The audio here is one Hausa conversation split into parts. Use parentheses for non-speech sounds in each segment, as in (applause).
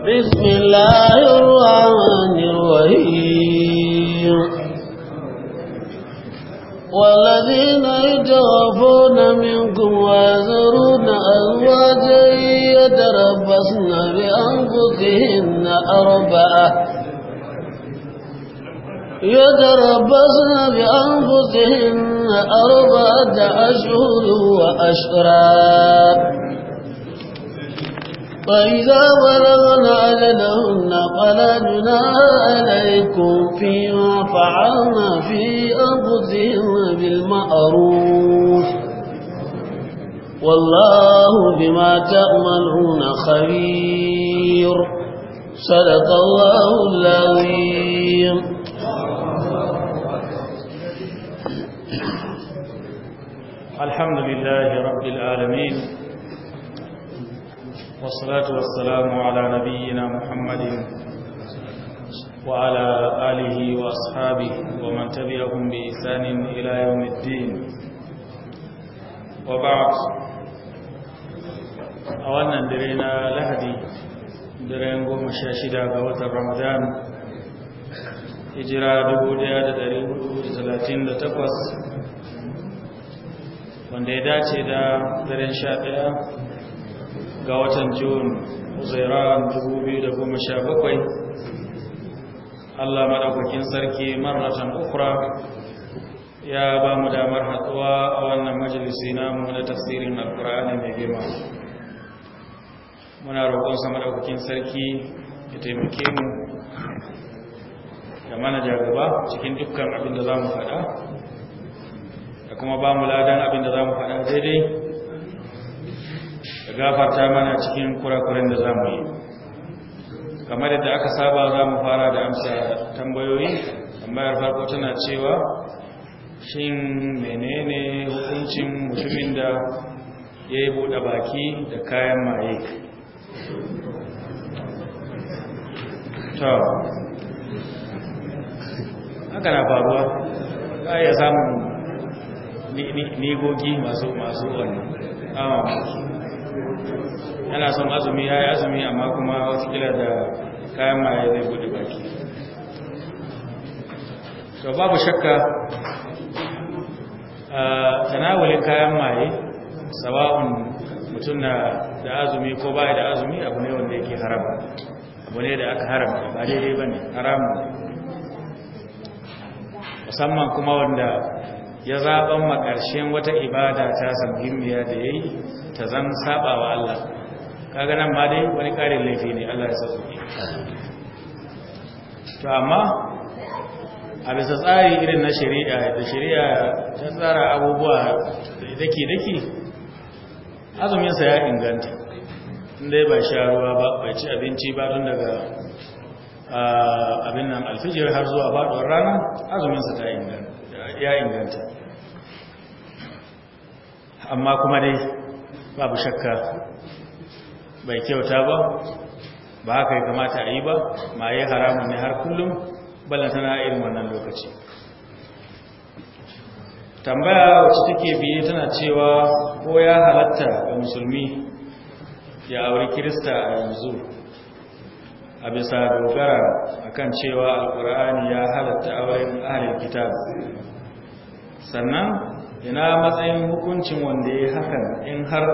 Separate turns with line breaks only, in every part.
بسم الله الرحمن الرحيم والذين يتوفون منكم ويزرون أزواجا يتربصن بأنفسهن أربعة يتربصن بأنفسهن أربعة أشهر وأشرار فإذا بلغنا أجلهن فلا جناح عليكم فيما فعلنا في أنفسهم بالمعروف والله بما تعملون خبير صدق الله العظيم
الحمد لله رب العالمين والصلاة والسلام على نبينا محمد وعلى آله وأصحابه ومن تبعهم بإحسان إلى يوم الدين وبعد أولا درينا لهدي درين قوم الشاشدة بوت رمضان هجرة دبودية دريب وثلاثين لتقص وندي داتي دا درين شاقية ga watan jun zairan 2017 Allah maɗaukakin sarki maratan ukura ya ba mu damar haɗuwa a wannan majalisi namu na tafsirin alkur'ani mai girma muna roƙonsa maɗaukakin sarki ya taimake mu da mana jagaba cikin dukkan abin da za mu faɗa da kuma ba mu ladan abin da za mu faɗa daidai gafarta mana cikin kurakuren da za mu yi kamar da aka saba za mu fara da amsa tambayoyi tambayar farko tana cewa shin menene hukuncin mutumin da ya yi buɗe baki da kayan maye haka na faruwa za a iya samun nigogi masu masu ah,
yana son azumi ya yi azumi amma kuma kila da kayan maye
zai bude baki to babu shakka tanawulin kayan maye sawa'un mutum na da azumi ko ba da azumi abu ne wanda yake haram abu ne da aka haram ba daidai ba ne haram musamman kuma wanda ya ma makarshen wata ibada ta samhimmiya da ya yi ta zan saba wa Allah kaga nan ma dai wani ƙarin laifi ne Allah ya sauke to amma a bisa tsari irin na shari'a da shari'a ta tsara abubuwa daki-daki azuminsa ya inganta inda ba sha ruwa ba bai ci abinci ba don daga ah, abin nan alfijir har zuwa faɗuwar rana azuminsa ta inganta ya inganta amma kuma dai babu shakka bai kyauta ba ba haka ya kamata a yi ba ma yi haramun ne har kullum tana irin wannan lokaci tambaya wacce take biye tana cewa ko ya halatta ga musulmi ya auri kirista a yanzu a bisa dogara akan cewa alkur'ani ya halatta auren ahalin kitab sannan ina matsayin hukuncin wanda ya hakan in har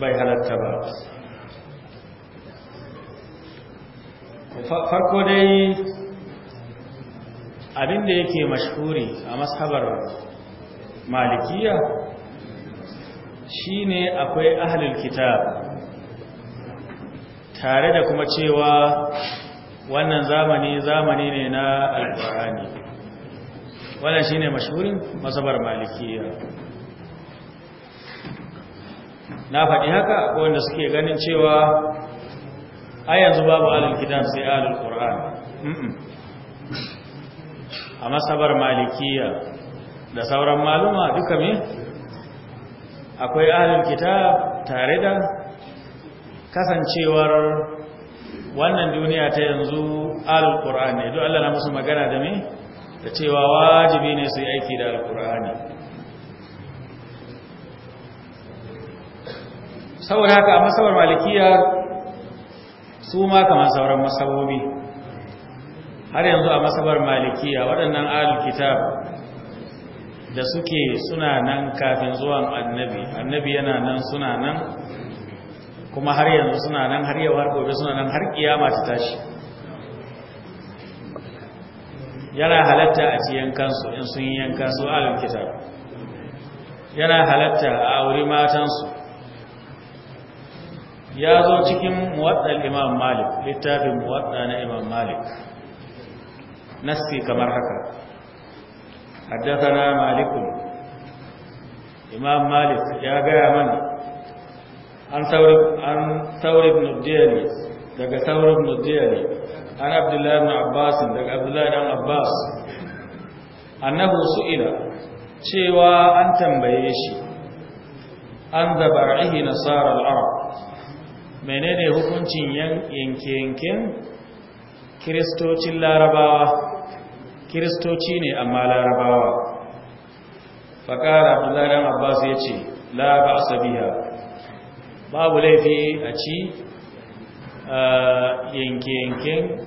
bai halatta ba farko dai abinda yake mashhuri a mashabar malikiya shine akwai ahlul kitab tare da kuma cewa wannan zamani zamani ne na alkur'ani wannan shine mashhurin masabar malikiya na faɗi haka ko wanda suke ganin cewa a yanzu babu alal gidan sai alal qur'an a masabar malikiya da sauran maluma duka me akwai ahlul kitab tare da kasancewar wannan duniya ta yanzu alul qur'an ne duk Allah na musu magana da me da cewa wajibi ne su yi aiki da alkur'ani saboda haka a masabar malikiya su ma kamar sauran masabobi har yanzu a masabar malikiya waɗannan alkitab da suke suna nan kafin zuwan annabi annabi yana nan suna nan kuma har yanzu suna nan har yau har gobe suna nan har kiyama ta tashi yana halatta a ci yankansu in sun yi yankansu alin kita yana halatta a auri matansu ya zo cikin muwaddal imam malik littafin muwadda na imam malik nassi kamar haka haddathana malikun imam malik ya gaya mana an saurin ibn daga sauri ibn an abdullahi ibn abbas daga abdullahi ibn abbas annahu su'ila cewa an tambaye shi an zabarihi nasara al-arab menene hukuncin yanke yanken kiristocin larabawa kiristoci ne amma larabawa faƙara abdullahi ibn abbas ya ce la ba sabiha babu laifi a ci yanke-yanken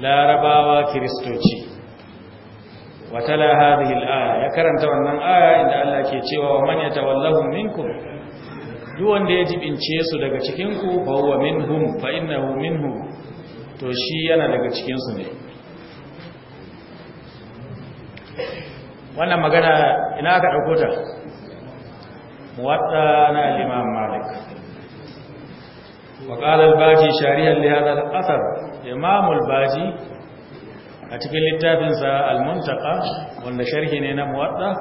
larabawa kiristoci watala hadhihi al-aya ya karanta wannan aya inda Allah ke cewa wa man yatawallahu minkum duk wanda ya jibince su daga cikin ku fa huwa minhum fa innahu minhum to shi yana daga cikin su ne wannan magana ina ka dauko ta muwatta na al-imam malik وقال الباجي شارحا لهذا الأثر إمام الباجي أتكلم للتابنسا المنتقى وأن شرحنا موضع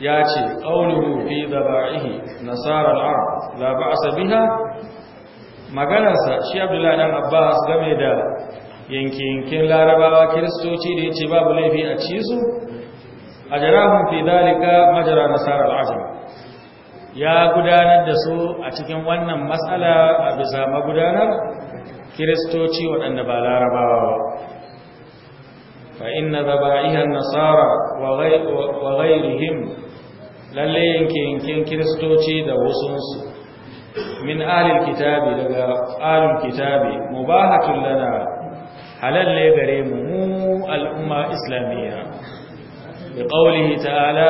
ياتي قوله في ذبائه نصارى العرب لا بأس بها maganarsa shi abdullahi dan abbas game da yankin larabawa kiristoci da yace babu laifi a ci su
a jarahun fi dalika majara nasarar
ajiyar ya gudanar da su a cikin wannan matsala a bisa magudanar kiristoci waɗanda ba larabawa ba fa inna zaba'ihar nasara wa ghairihim lalle yankin kiristoci da wasunsu min alil kitabi daga alil kitabi mubahatun lana halalle gare mu mu al'umma islamiyya bi qawlihi ta'ala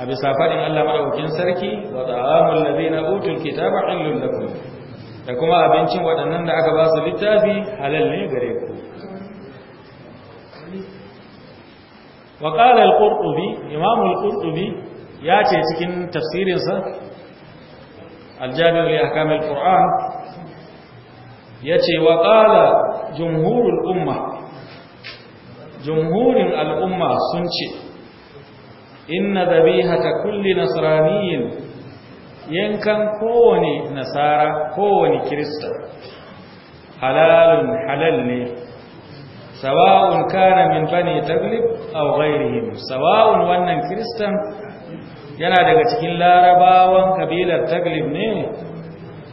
a bisa faɗin Allah maɗaukin sarki wa ta'amul ladina utul kitaba illun lakum da kuma abincin waɗannan da aka ba su littafi halal ne gare ku wa qala al-qurtubi imam al-qurtubi ya ce cikin tafsirinsa al-jami' li ahkam al-qur'an yace wa qala jumhurul umma jumhurin al-umma sun ce inna dhabihata kulli nasraniyin yankan kowane nasara kowane kirista halalun halal ne sawa'un kana min bani taglib aw ghairihim sawa'un wannan kiristan yana daga cikin larabawan kabilar taglib ne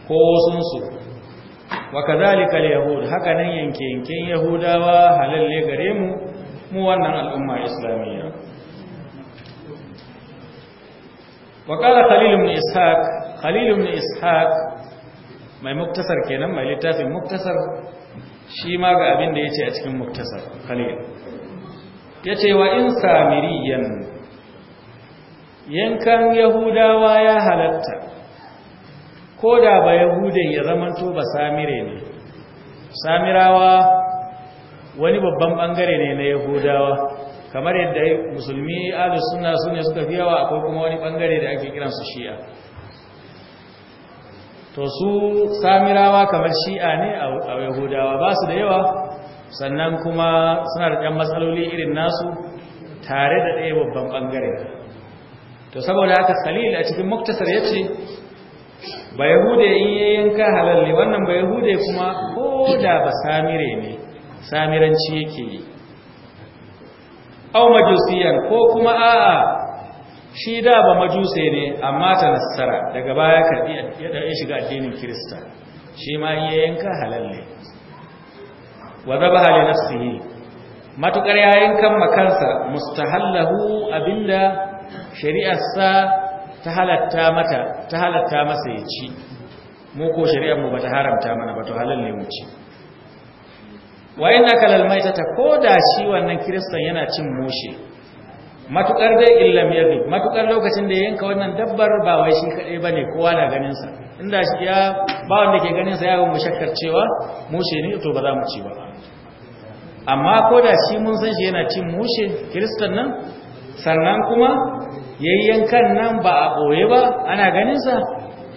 ko sunsu wa kadhalika haka nan yanke yanken yahudawa halal ne gare mu mu wannan al'umma islamiyya وقال خليل بن إسحاق خليل بن mai muktasar kenan mai littafin muktasar shi ma ga abin da ya ce a cikin muktasar khalil ya ce wa in samiriyan yankan yahudawa ya halatta ko da ba yahudai ya zamanto ba samire ne samirawa wani babban bangare ne na yahudawa kamar yadda musulmi ahlus suna sune suka fi yawa akwai kuma wani bangare da ake kiran su shi'a to su samirawa kamar shi'a ne a yahudawa ba su da yawa sannan kuma suna da ɗan matsaloli irin nasu tare da ɗaya babban bangare to saboda aka khalil a cikin muktasar ya ce ba yahude in yi yanka halalli wannan ba yahude kuma ko da ba samire ne samiranci yake yi au majusiyan ko kuma a'a shi da ba majuse ne amma ta nasara daga baya karbi ya shiga addinin kirista shi ma iya yanka halal ne wa zabaha li nafsihi matukar yayin kan makansa mustahallahu abinda shari'arsa ta halatta mata ta halatta masa ya ci mu ko shari'ar mu bata haramta mana ba to halal mu ci wa na kalal maitata koda shi wannan kristan yana cin mushe matukar dai illam yadu matukar lokacin da yanka wannan dabbar ba wai shi kadai bane kowa na ganin sa inda shi ya ba wanda ke ganin sa ya ga mushakkar cewa mushe ne to ba za mu ci ba amma koda shi mun san shi yana cin mushe kiristan nan sannan kuma yayyankan nan ba a boye ba ana ganin sa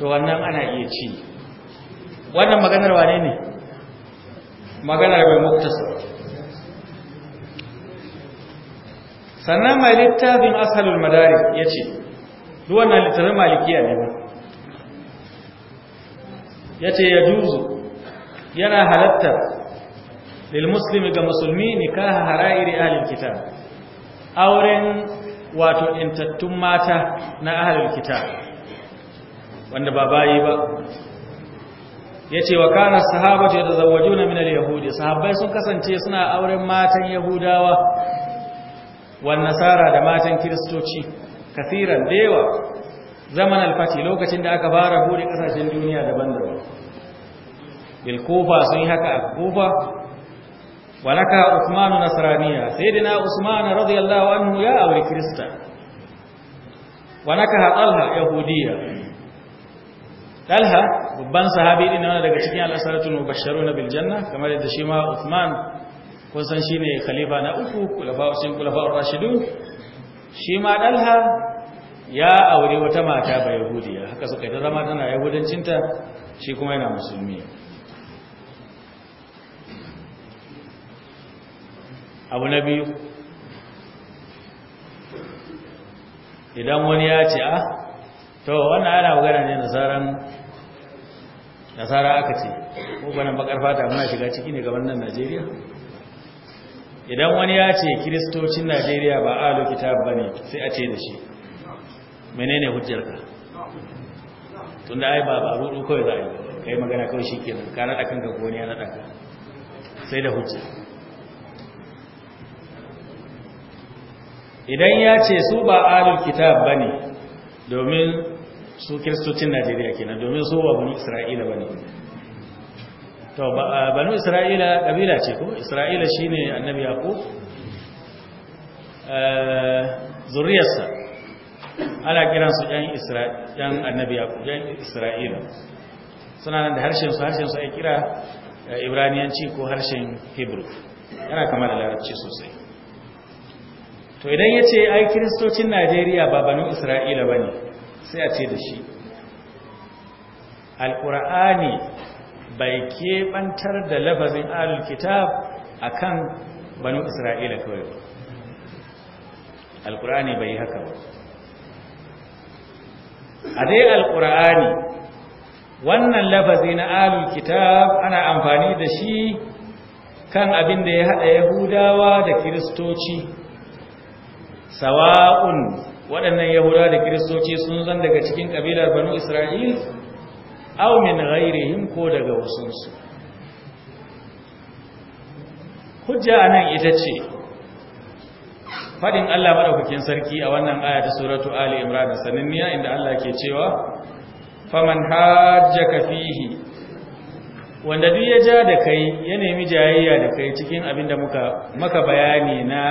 to wannan ana iya ci wannan maganar wane ne maganar mai muktasa sannan mai littafin asalin madari ya ce duwannan littafin malikiya ne ba ya ce ya juzu yana halartar lilmuslimi ga musulmi nikaha hara'iri ahalin kita, auren wato intattun mata na ahalin kita. wanda ba bayi ba ya ce wa kana sahaba ce da zawaju na minal yahudi sahabbai sun kasance suna auren matan yahudawa wan nasara da matan kiristoci kasiran dewa zaman alfati lokacin da aka fara buɗe kasashen duniya daban-daban bil kufa sun yi haka a kufa walaka usmanu nasraniya sayyidina usman radiyallahu anhu ya aure kirista wa talha yahudiyya talha babban sahabi din wanda daga cikin al asaratu mubashsharuna bil janna kamar yadda shi ma Uthman ko san shine khalifa na uku kulafa usin kulafa ar-rashidun shi ma talha ya aure wata mata bai yahudiya haka suka ta zama tana yahudancinta shi kuma yana musulmi abu na biyu idan wani ya ce a ah, to wannan ana magana ne nasara aka ce ko gwanin bakar fata muna shiga ciki ne gaban nan najeriya idan wani ya ce kiristocin najeriya ba a lokita ba ne sai a ce da shi menene hujjarka tun da ai ba ba rudu kawai za a yi kai magana kawai shi kenan ka naɗa kanka ko wani ya naɗa ka sai da hujja idan ya ce su ba alul kitab ba ne domin su kiristocin najeriya kenan domin su ba bani isra'ila ba ne to bani isra'ila ƙabila ce ko isra'ila shi ne annabi ku eh, zuriyarsa ana kiransu ‘yan annabi ku ‘yan isra'ila suna nan da harshensu harshensu a kira eh, ibraniyanci ko harshen hebrew yana kama da larabci sosai to idan ya ce ai kiristocin najeriya ba banu isra'ila ba ne sai a ce da shi alkur'ani bai keɓantar da lafazin alul kitab a kan banu isra'ila kawai ba bai yi haka ba a dai Alƙur'ani wannan lafazi na alul kitab ana amfani da shi kan abin da ya haɗa yahudawa da kiristoci sawa'un waɗannan yahuda da kiristoci sun zan daga cikin ƙabilar banu isra'il au min ghairihim ko daga wasunsu hujja nan ita ce Faɗin Allah maɗaukakin sarki a wannan aya ta suratu ali imran sananniya inda Allah ke cewa faman hajjaka fihi wanda duk ya ja da kai ya nemi jayayya da kai cikin abinda muka maka bayani na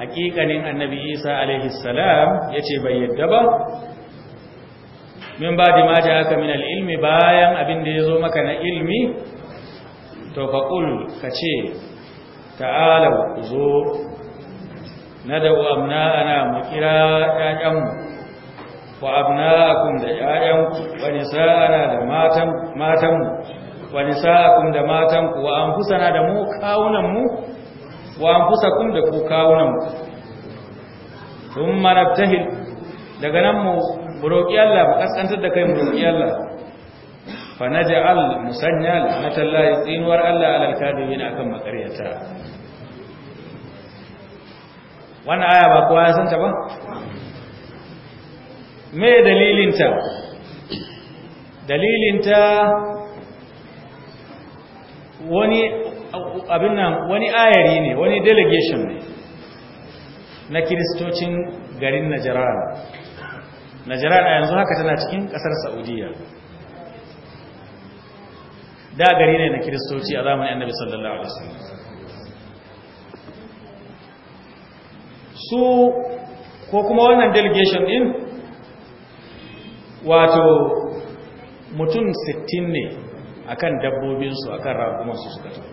haƙiƙanin annabi isa alaihi salam ya ce bai yadda ba min ba da maji aka min al'ilmi bayan abin da ya zo maka na ilmi to faƙul ka ce ta'alau zo na da amna ana makira ‘ya'yanmu wa abna akun da ‘ya'yanku wani sa'ana da matanmu wani sa'akun da matanku wa an fusana da mu kawunanmu wa anfusakum da ku kawunan thumma nabtahil daga nan mu roki Allah mu kaskantar da kai mu roki Allah fa naj'al musanya yatin war Allah alal kadibin akan makariyata wannan aya ba kowa ya santa ba me dalilin dalilinta wani abin nan wani ayari ne wani delegation ne na kiristocin garin najaran najaran a yanzu haka tana cikin kasar saudiya da gari ne na kiristoci a zamanin annabi sallallahu alaihi wasallam su ko kuma wannan delegation din wato mutum 60 ne akan dabbobinsu akan ragumansu suka tafi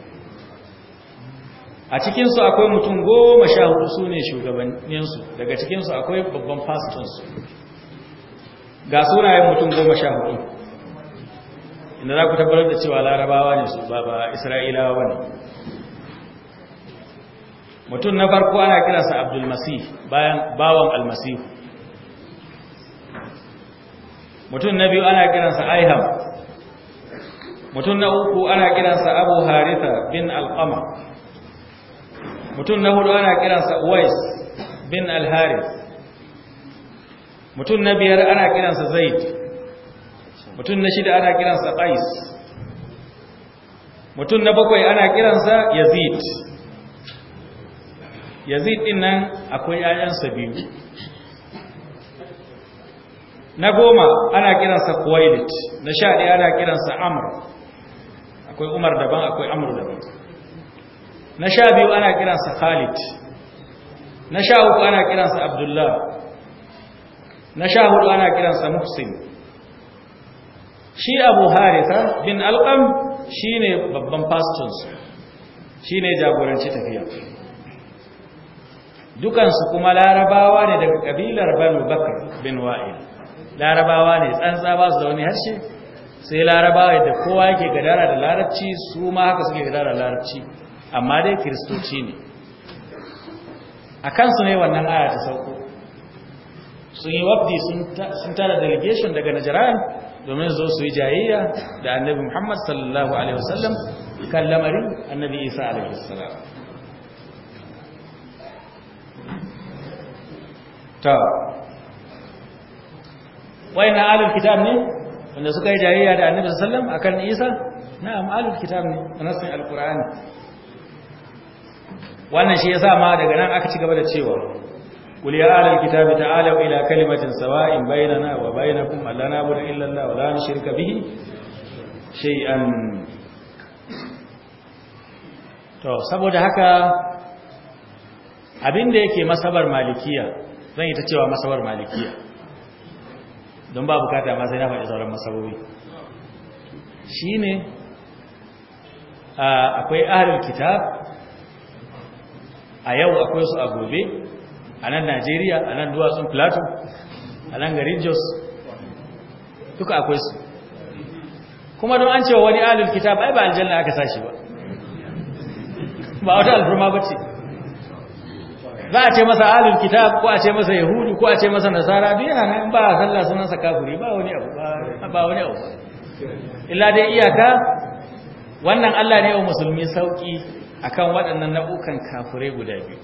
a cikinsu akwai mutum goma sha hudu su ne shugabanninsu daga cikinsu akwai babban fasikinsu ga sunayen mutum goma sha hudu inda za ku tabbatar da cewa larabawa ne su ba ba isra'ilawa ba ne mutum na farko ana Abdul abdulmasih bayan bawan almasih mutum na biyu ana kiransa aiham mutum na uku ana kiransa abu haritha bin alqama mutum na hudu ana kiransa Uwais bin al mutum na biyar ana kiransa Zaid mutum na shida ana kiransa Qais mutum na bakwai ana kiransa Yazid Yazid din nan akwai ƴaƴansa biyu na goma ana kiransa Kuwailit na sha ɗaya ana kiransa Amr akwai Umar daban akwai Amr daban na sha biyu ana kiransa khalid na sha uku ana kiransa abdullah na sha hudu ana kiransa muhsin shi abu haritha bin alƙam shi ne babban pastors, shi jagoranci tafiya dukansu kuma larabawa ne daga kabilar banu bakar bin wa'il larabawa ne tsantsa ba su da wani harshe sai larabawa da kowa yake gadara da larabci su ma haka suke gadara da larabci amma dai kiristoci ne a kansu ne wannan aya ta sauko sun yi wabdi sun tara delegation daga najiran domin zo su yi jayayya da annabi muhammad sallallahu alaihi wasallam kan lamarin annabi isa alaihi wasallam ta na alif kitab ne wanda suka yi jayayya da annabi sallallahu alaihi wasallam akan isa na'am alif kitab ne nasin alqur'ani wannan shi yasa ma daga nan aka ci gaba da cewa qul ya ahlal kitabi ta'alu ila kalimatin sawa'in bainana wa bainakum alla na'budu illa Allah wa la nushrika bihi shay'an to saboda haka abinda yake masabar malikiya zan yi ta cewa masabar malikiya don ba bukata ma sai na faɗi sauran masabobi shine akwai ahlul kitab a yau akwai su a gobe a nan najeriya a nan duwatsun plato a nan garin jos duka akwai su kuma don an cewa wani alul kita ai ba aljanna aka sashi ba ba wata alfurma ba ce
za a ce masa alul kita ko a ce masa yahudu ko a ce masa nasara biya na nan ba a sallah sunansa kafuri
ba wani abu ba wani abu illa dai iyaka wannan Allah ne wa musulmi sauki akan waɗannan nau'ukan kafirai guda biyu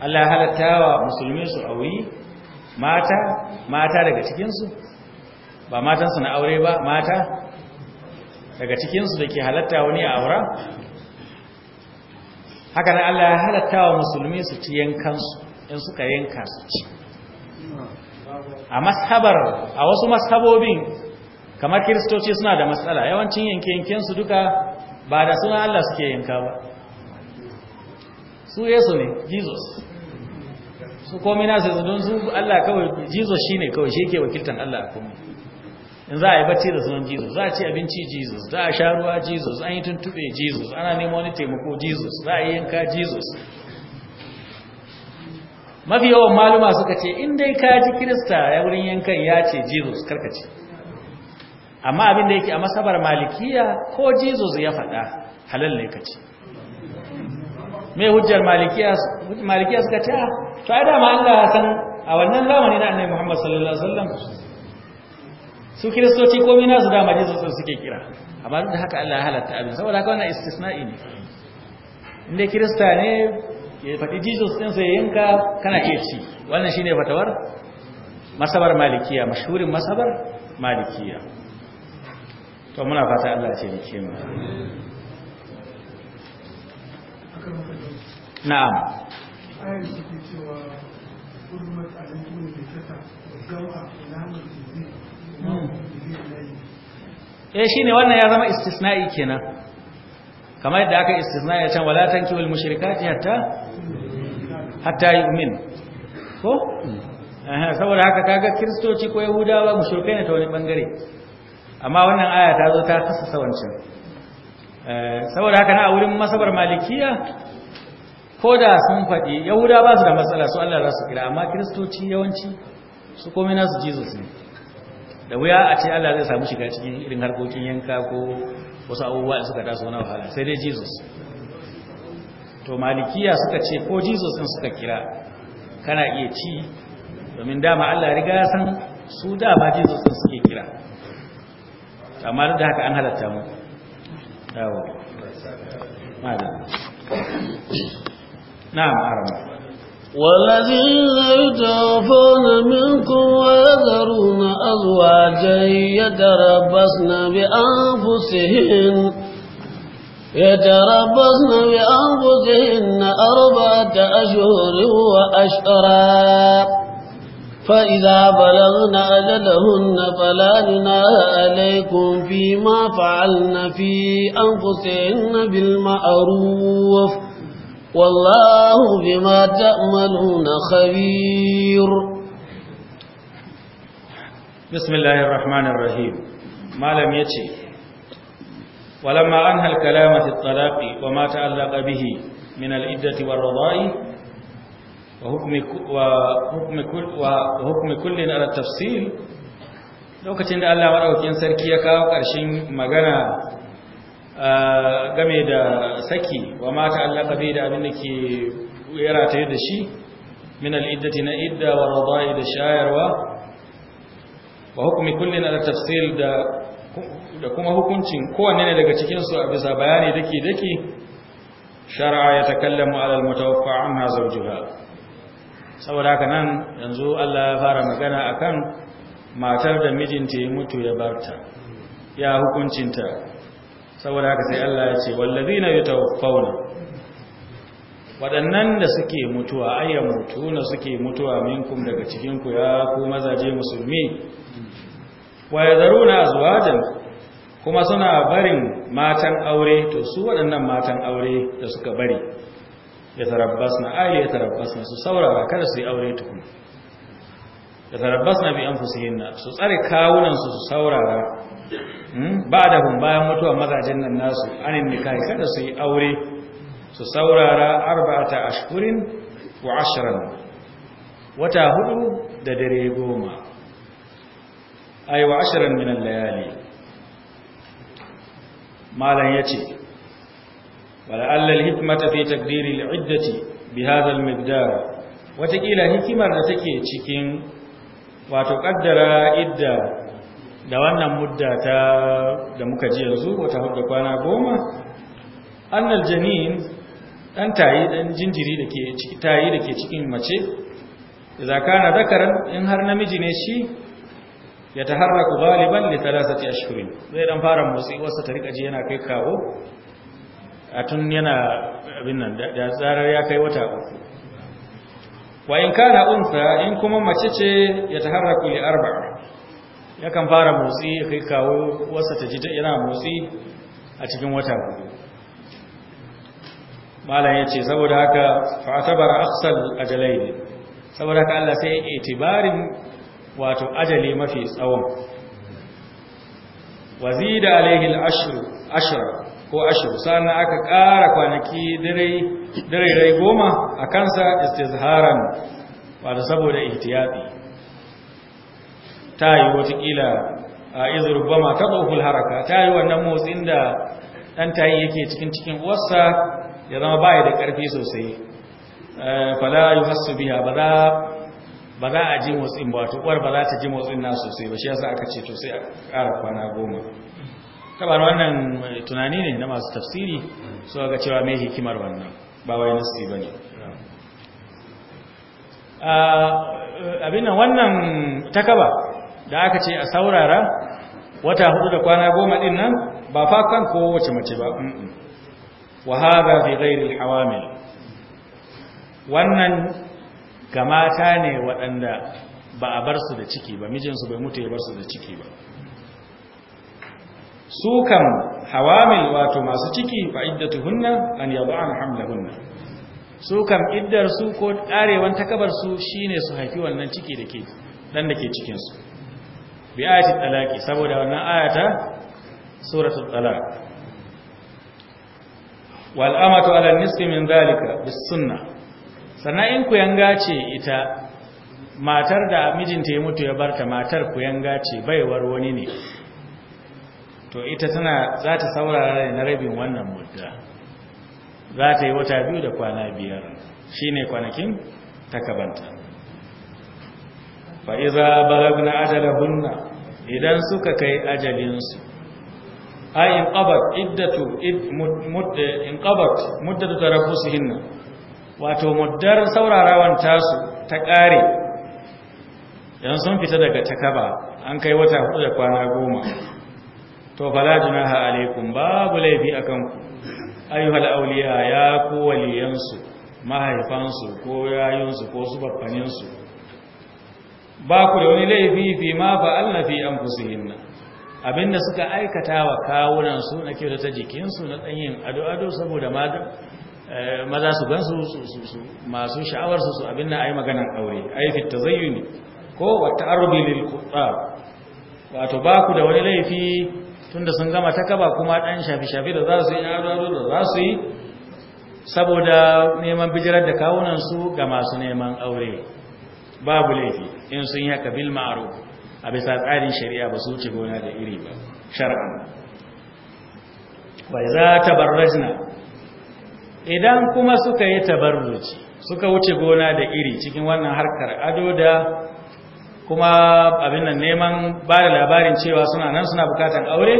Allah halatta wa musulmi su auri mata mata daga cikinsu ba matansu na aure ba mata daga cikinsu da ke halatta wani a aura haka nan Allah halatta wa musulmi su ci yankansu in suka yanka su ci a mashabar a wasu mashabobin kamar kiristoci suna da matsala yawancin yanke-yankensu duka ba da sunan Allah suke yanka ba su yesu ne jesus su komi nasu don su Allah kawai jesus shi ne kawai shi ke wakiltan Allah a in za a yi bacci da sunan jesus za a ci abinci jesus za a sha ruwa jesus an yi tuntube jesus ana nemo wani taimako jesus za a yi yanka jesus mafi yawan maluma suka ce in dai kaji kirista ya wurin yankan ya ce jesus karkace amma abin da yake a masabar malikiya ko jesus ya faɗa halal ne kaci. me hujjar malikiya suka ce ah, to ai dama Allah ya san a wannan zamani na annai Muhammad sallallahu alaihi wasallam su kiristoci ko mina su dama jesus suke kira amma duk da haka Allah ya halatta abin saboda haka wannan istisna'i ne inda kirista ne ya faɗi jesus ɗin sai yanka kana ke ci wannan shine fatawar masabar malikiya mashhurin masabar malikiya to muna fata Allah ce muke mu na'am eh, shi shine wannan ya zama istisna'i kenan kamar yadda aka istisna'i can wala tankihul mushrikati hatta hatta yu'min ko hmm. saboda haka kaga kristoci ko yahudawa mushrikai ne ta wani bangare amma wannan aya ta zo ta kasa sawancin eh, saboda haka na a wurin masabar malikiya ko da sun faɗi yahuda ba su da matsala su allah za su kira amma kiristoci yawanci su komai nasu jesus ne da wuya a ce allah zai samu shiga cikin irin harkokin yanka ko wasu abubuwa da suka taso na wahala sai dai jesus to malikiya suka ce ko jesus in suka kira kana iya ci domin dama allah riga ya san su dama jesus in suke kira amma duk da haka an halatta mu yawo madalla na'am arama
والذين يتوفون منكم ويذرون أزواجا يتربصن بأنفسهن يتربصن بأنفسهن أربعة أشهر وأشهرا فإذا بلغنا أجلهن فلا جناها عليكم فيما فعلن في أنفسهن بالمعروف والله بما تأملون خبير
بسم الله الرحمن الرحيم ما لم يتي ولما أنهى الكلام في الطلاق وما تعلق به من الإدة والرضاء wa hukumi kullin ala tafsil lokacin da Allah maɗaukin sarki ya kawo ƙarshen magana game da saki wa mata Allah ƙabe da abin da ke yara ta da shi min al'iddati na idda wa da shayarwa wa hukumi da kuma hukuncin kowanne ne daga cikinsu a bisa bayani dake-dake shara'a ya takallamu alal mutawaffa anha zawjuha saboda haka nan yanzu Allah ya fara magana akan matar da mijinta ya mutu ya barta ya hukuncinta saboda haka sai Allah ya ce wallazina yatawaffawna waɗannan da suke mutuwa ayyan mutuna suke mutuwa minkum daga cikin ku ya ku mazaje musulmi wa zuwa azwajan kuma suna barin matan aure to su waɗannan matan aure da suka bari ya tarabbas na aile ya tarabbas na su saurara kada su yi aure tukun ya tarabbas na bi an fusihin na su tsare kawunansu su saurara hmm? ba da hun bayan mutuwa mazajen nan nasu anin nikahi kada su yi aure su saurara arba'ata ashkurin wa ashirin wata hudu da dare goma ai wa ashirin minan layali malam ya ce ولعل الحكمة في تقدير العدة بهذا المقدار وتقيل حكمة تكي تشكين وتقدر عدة da wannan mudda ta da muka ji yanzu wata hudu kwana goma annal janin dan tayi dan jinjiri da ke ciki tayi da ke cikin mace idza in har namiji ne shi ya taharraku galiban li thalathati ashhurin zai dan fara motsi wasa ta rika ji yana kai kawo a tun yana abin nan da tsarar ya kai wata uku wa in kana unsa in kuma mace ce ya taharraku li ya yakan fara motsi ya kai kawo wasa ta ji yana motsi a cikin wata uku malam ya ce saboda haka fa'atabar aksal ajalai ne saboda haka Allah sai itibarin wato ajali mafi tsawon wazida alaihi ashr ko ashiru sannan aka ƙara kwanaki dirai goma a kansa istizharan ba da saboda ihtiyaɗi ta yi watakila a izuru ba ma taɓa haraka ta yi wannan motsin da ɗan tayi yake cikin cikin uwarsa ya zama baya da ƙarfi sosai eh, fala yi hasu biya ba za ba a ji motsin ba tukwar ba za ta ji motsin na sosai ba shi yasa aka ce to sai a ƙara kwana goma sabar wannan eh, tunani ne na masu tafsiri so ga cewa mai hikimar wannan ba wai nasi ba ne ah, eh, abin nan wannan takaba da aka ce a saurara wata hudu da kwana goma din nan ba fa kan kowace mace ba wa hada fi ghairi alhawamil wannan ga mata ne waɗanda ba a bar su da ciki ba mijinsu bai mutu ya bar su da ciki ba su kan hawamil wato masu ciki fa hunna an yad'an hamlahunna su kan iddar su ko karewan takabar su shine su haifi wannan ciki dake dan dake cikin su bi ayati talaqi saboda wannan ayata suratul talaq wal amatu ala nisfi min dhalika bis sunnah sannan in ku yanga ce ita matar da mijinta ya mutu ya barta matar ku yanga ce baiwar wani ne to ita tana za ta saurara ne na rabin wannan mudda za ta yi wata biyu da kwana biyar shi ne kwanakin takabanta fa'iza balagna hunna idan suka kai ajalinsu a in ƙabar iddatu in ƙabar muddatu ta su hinna wato muddar saurarawan tasu ta ƙare yan sun fita daga takaba an kai wata hudu da kwana goma to fala junaha alaikum babu laifi akan ku ayyuhal auliya ya ku waliyansu mahaifansu ko yayunsu ko su babbaninsu ba ku da wani laifi fi ma fa'alna fi anfusihinna abinda suka aikata wa kawunan su na kyauta ta jikinsu na ɗanyin ado-ado saboda eh, maza su gansu masu sha'awarsu su abin na a yi maganar aure zai yi ne, ko wata arubi lil kuɗa wato ba ku da wani laifi tunda sun gama ta kaba kuma ɗan shafi-shafi da za su yi yaro da za su yi saboda neman bijirar da kawunansu ga masu neman aure babu laifi in sun yi haka bil ma'ruf a bisa tsarin shari'a ba su wuce gona da iri ba shar'an bai za tabarrajna idan kuma suka yi tabarruci suka wuce gona da iri cikin wannan harkar ado da kuma abin nan neman ba da labarin cewa suna nan suna bukatan aure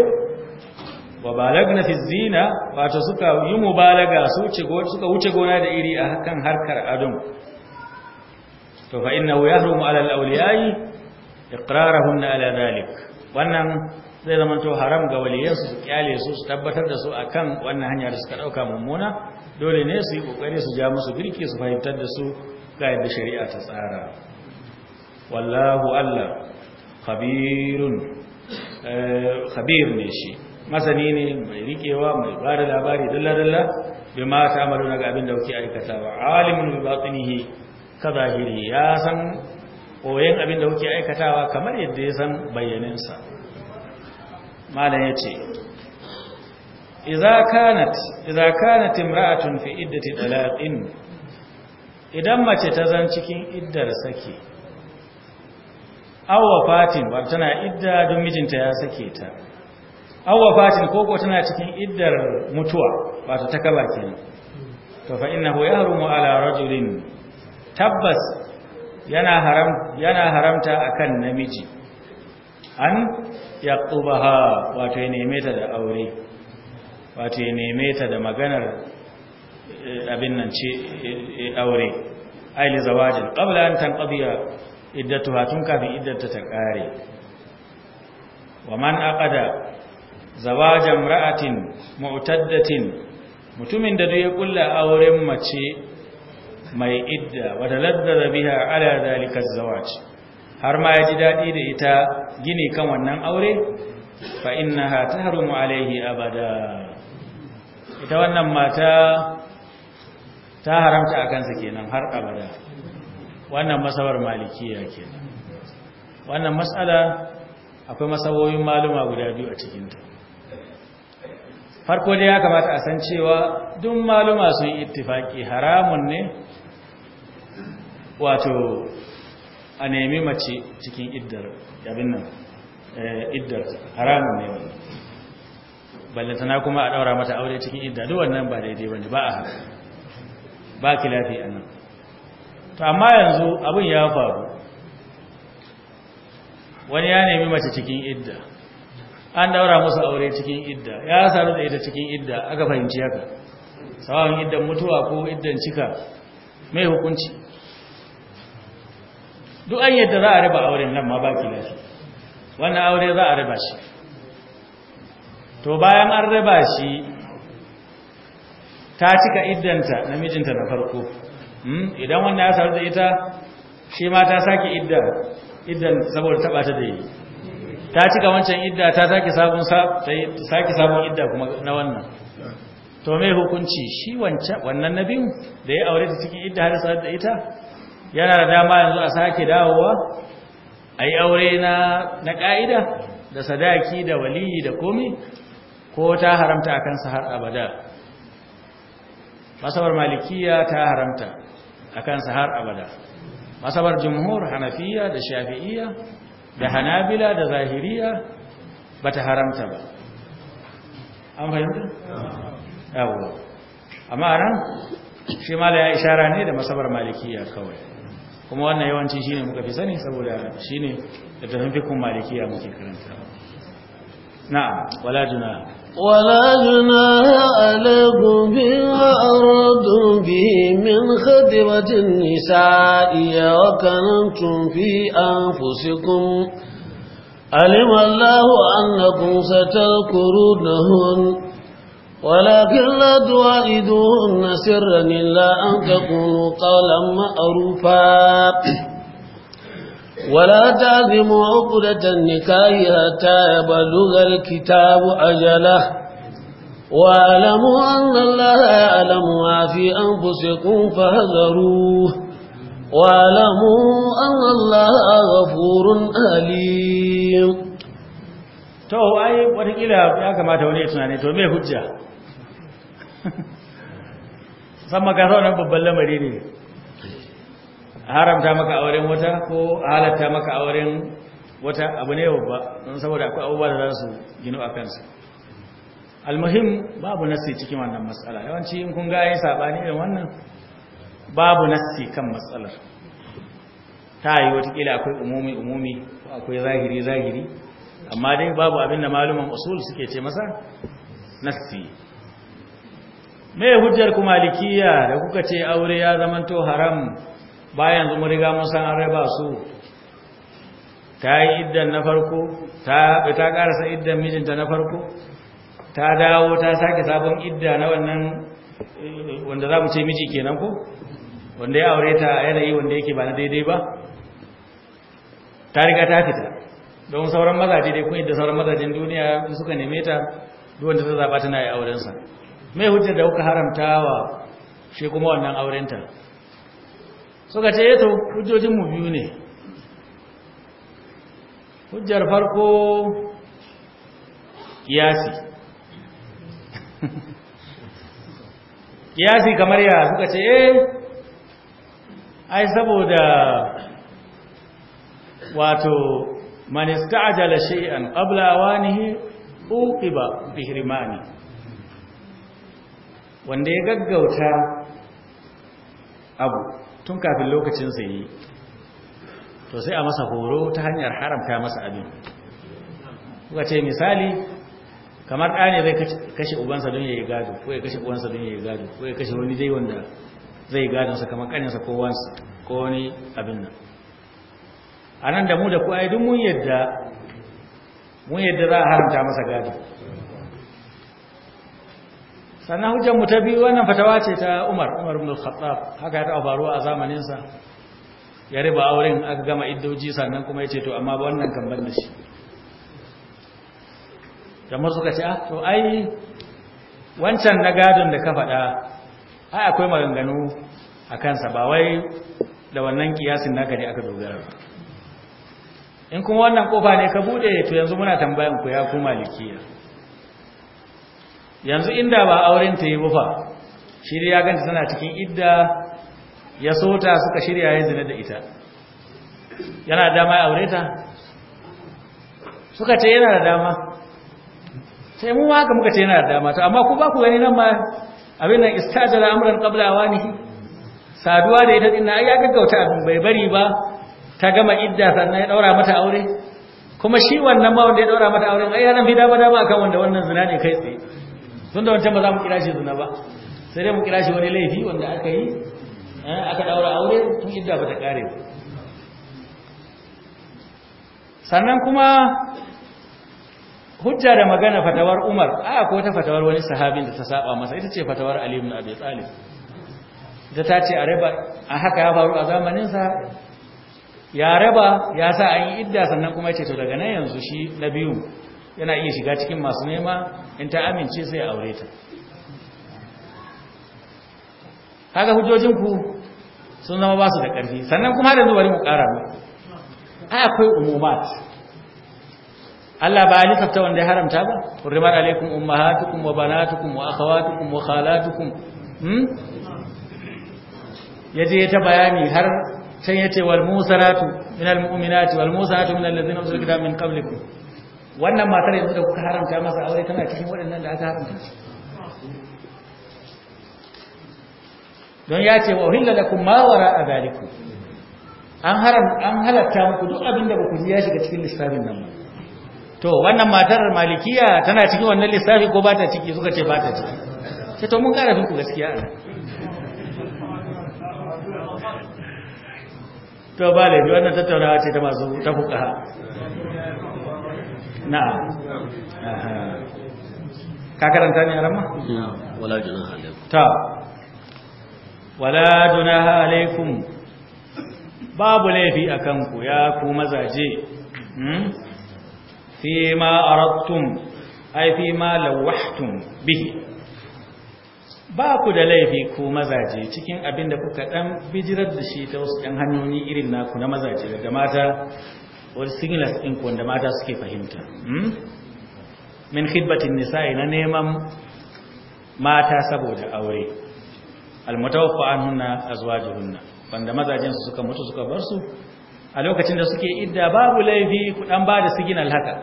wa balagna fi zina wato suka yi mubalaga su suka wuce gona da iri a kan harkar adon to fa innahu yahrumu ala al-awliya'i iqrarahum ala dalik wannan zai zama to haram ga waliyansu su kyale su su tabbatar da su akan wannan hanya da suka dauka mummuna dole ne su yi kokari su ja musu girki su fahimtar da su ga yadda shari'a ta tsara wallahu Allah khabirun eh, khabir ne shi masani ne mai rikewa mai bada labari dalla-dalla bi ma ta amalu na ga abin da kuke aikatawa alimun bi batinihi ka zahiri ya san koyon abin da kuke aikatawa kamar yadda ya san bayyaninsa malam ya ce iza kanat imra'atun fi iddati talaqin idan mace ta zan cikin iddar saki awa fatin wa tana idda don mijinta ya sake ta awa fatin koko tana cikin iddar mutuwa wato ta kaba kenan to fa innahu yahrumu ala rajulin tabbas yana haram yana haramta akan namiji an yaqubaha wato ya neme ta da aure wato ya neme ta da maganar eh, abin nan ce eh, eh, aure aili zawajin qabla an tanqadiya iddatu hatun kafin iddata ta kare wa man aqada zawajan ra'atin mu'taddatin mutumin da duk ya kulla auren mace mai idda wata laddada biha ala zalika zawaj har ma ya ji daɗi da ita gini kan wannan aure fa innaha tahrumu alaihi abada ita wannan mata ta haramta a kansa kenan har abada wannan masabar malikiya kenan wannan matsala akwai masawoyin maluma guda biyu a cikinta farko dai ya kamata a san cewa duk maluma sun ittifaki haramun ne wato a nemi mace cikin iddar abin nan eh, iddar haramun ne wani ballantana kuma a daura mata aure cikin iddar, duk wannan ba daidai wani ba a haka ba ki a nan to amma yanzu abin ya faru wani ya nemi mace cikin idda an daura musu aure cikin idda ya sanu da ita cikin idda aka fahimci haka sawan iddan mutuwa ko iddan cika mai hukunci duk an yadda za a riba auren nan ma baki lafi wannan aure za a riba shi to bayan an riba shi ta cika iddanta namijinta na farko Hmm? idan wannan ya saru da ita shi ma ta sake idda iddan saboda taba ta da yi ta cika wancan idda ta sake sabon sake sabon idda kuma na wannan to mai hukunci shi wancan wannan nabin da ya aure ta cikin idda har saru da ita yana da dama yanzu a sake dawowa a aure na ƙa'ida da sadaki da waliyi da komi ko ta haramta a kansa har abada masabar malikiya ta haramta a kansa har abada masabar jumhur hanafiya da shafi'iya da hanabila da zahiriya ba ta haramta ba an fahimta? yawon amma ran shi mala ya ishara ne da masabar malikiya kawai kuma wannan yawanci shi ne muka fi sani saboda shi ne da tafi fikun malikiya muke karanta na'am wala juna
ولا جناها عليكم فيما أردتم به من خدمة النساء وكنتم في أنفسكم علم الله أنكم ستذكرونهن ولكن لا تواعدوهن سرا إلا أن تكونوا قولا معروفا ولا تعظموا عقدة النكاح حتى يبلغ الكتاب أجله واعلموا أن الله يعلم ما في أنفسكم فاحذروه واعلموا أن الله غفور
أليم to ai watakila ya kamata wani ya tunani to me hujja san magana wannan babban lamari ne haramta maka auren wata ko halatta maka auren wata abu ne babba don saboda akwai abubuwa da za su gino a kansu almuhim babu nassi cikin wannan matsala yawanci in kun ga yin sabani irin wannan babu nassi kan matsalar ta yi watakila akwai umumi umumi akwai zahiri zahiri amma dai babu abin da maluman usul suke ce masa nassi mai hujjar ku malikiya da kuka ce aure ya zamanto haram bayan zuwa riga mun san an raba su ta yi iddan na farko ta karasa iddan mijinta na farko ta dawo ta sake sabon idda na wannan eh, wanda za mu ce miji kenan ko wanda ya aure ta yanayi wanda yake ba na daidai ba ta riga ta fita don sauran mazaje dai kun idda sauran mazajen duniya suka neme ta duwanda ta zaɓa tana yi aurensa mai hujjar da kuka haramtawa shi kuma wannan aurenta suka ce yato eh hujjojinmu biyu ne hujjar farko kiyasi (laughs) kiyasi kamar ya suka ce eh ai saboda wato man ista'jala shay'an qabla awanihi uqiba bihrimani wanda ya gaggauta abu tun kafin lokacinsa yi to sai a masa horo ta hanyar haramta masa abin kuka ce misali kamar ɗane ne zai kashe ubansa don ya yi gado ko ya kashe uwansa don ya yi gado ko ya kashe wani dai wanda zai sa kamar ƙaninsa ko wansa ko wani abin nan a nan da mu da ku aidin mun yadda mun yadda za a haramta masa gado sannan hujjar mu ta biyu wannan fatawa ce ta Umar Umar ibn al-Khattab haka faruwa a zamaninsa, sa ya riba auren aka gama iddoji sannan kuma yace to amma ba wannan kan ban shi jama'a suka ce ah to ai wancan na gadon da ka faɗa ai akwai maganganu a kansa ba wai da wannan kiyasin naka ne aka dogara ba in kuma wannan kofa ne ka bude to yanzu muna tambayan ku ya ku malikiya yanzu inda ba auren ta yi bufa shi ya ganta tana cikin idda ya sota suka shirya yin zina da ita yana da dama ya aure ta suka ce yana da dama sai mu haka muka ce yana da dama to amma ku ba ku gani nan ma abin nan istajala amran qabla awani saduwa da ita din na ya gaggauta abin bai bari ba ta gama idda sannan ya daura mata aure kuma shi wannan ma wanda ya daura mata auren ai yana fi dama dama akan wanda wannan zina ne kai tsaye tun da wancan ba za mu kira shi zina ba sai dai mu kira shi wani laifi wanda aka yi eh, aka daura aure tun idda ba ta kare ba sannan kuma hujja da magana fatawar umar a ko ta fatawar wani sahabin da ta saba masa ita ce fatawar Aliyu na abu talib da ta ce a raba a haka ya faru a zamaninsa ya raba ya sa an yi idda sannan kuma ya ce to daga nan yanzu shi na biyu yana iya shiga cikin masu nema in ta amince sai aure ta kaga hujjojinku sun zama ba su da ƙarfi sannan kuma da zuwa mu ƙara mu ai akwai umumat Allah ba ali kafta wanda ya haramta ba hurrimat alaikum ummahatukum wa banatukum wa akhawatukum wa khalatukum hmm yaje ya ta bayani har can yace wal musaratu minal mu'minati wal musaratu minal ladzina utul kitab min qablikum wannan matar yanzu da kuka haramta masa aure tana cikin waɗannan da aka haramta shi don ya ce wa uhilla da kuma wara a an haram an halatta muku duk abin da bakuji ji ya shiga cikin lissafin nan to wannan matar malikiya tana cikin wannan lissafi ko ba ta ciki suka ce ba ta ciki sai to mun karafin ku gaskiya to ba laifi wannan tattaunawa ce ta masu tafuka na'am ka karanta ni wala ta wala babu laifi akan ku ya ku mazaje hmm? fi ma ai fi ba ku da laifi ku mazaje cikin abin da kuka dan bijirar da shi ta wasu ɗan hannuni irin naku na mazaje da mata wani singlet ɗin wanda mata suke fahimta min khidbatin nisa'i na neman mata saboda aure almutawaffa anhunna hunna, wanda mazajen su suka mutu suka bar su a lokacin da suke idda babu laifi ku dan ba da signal haka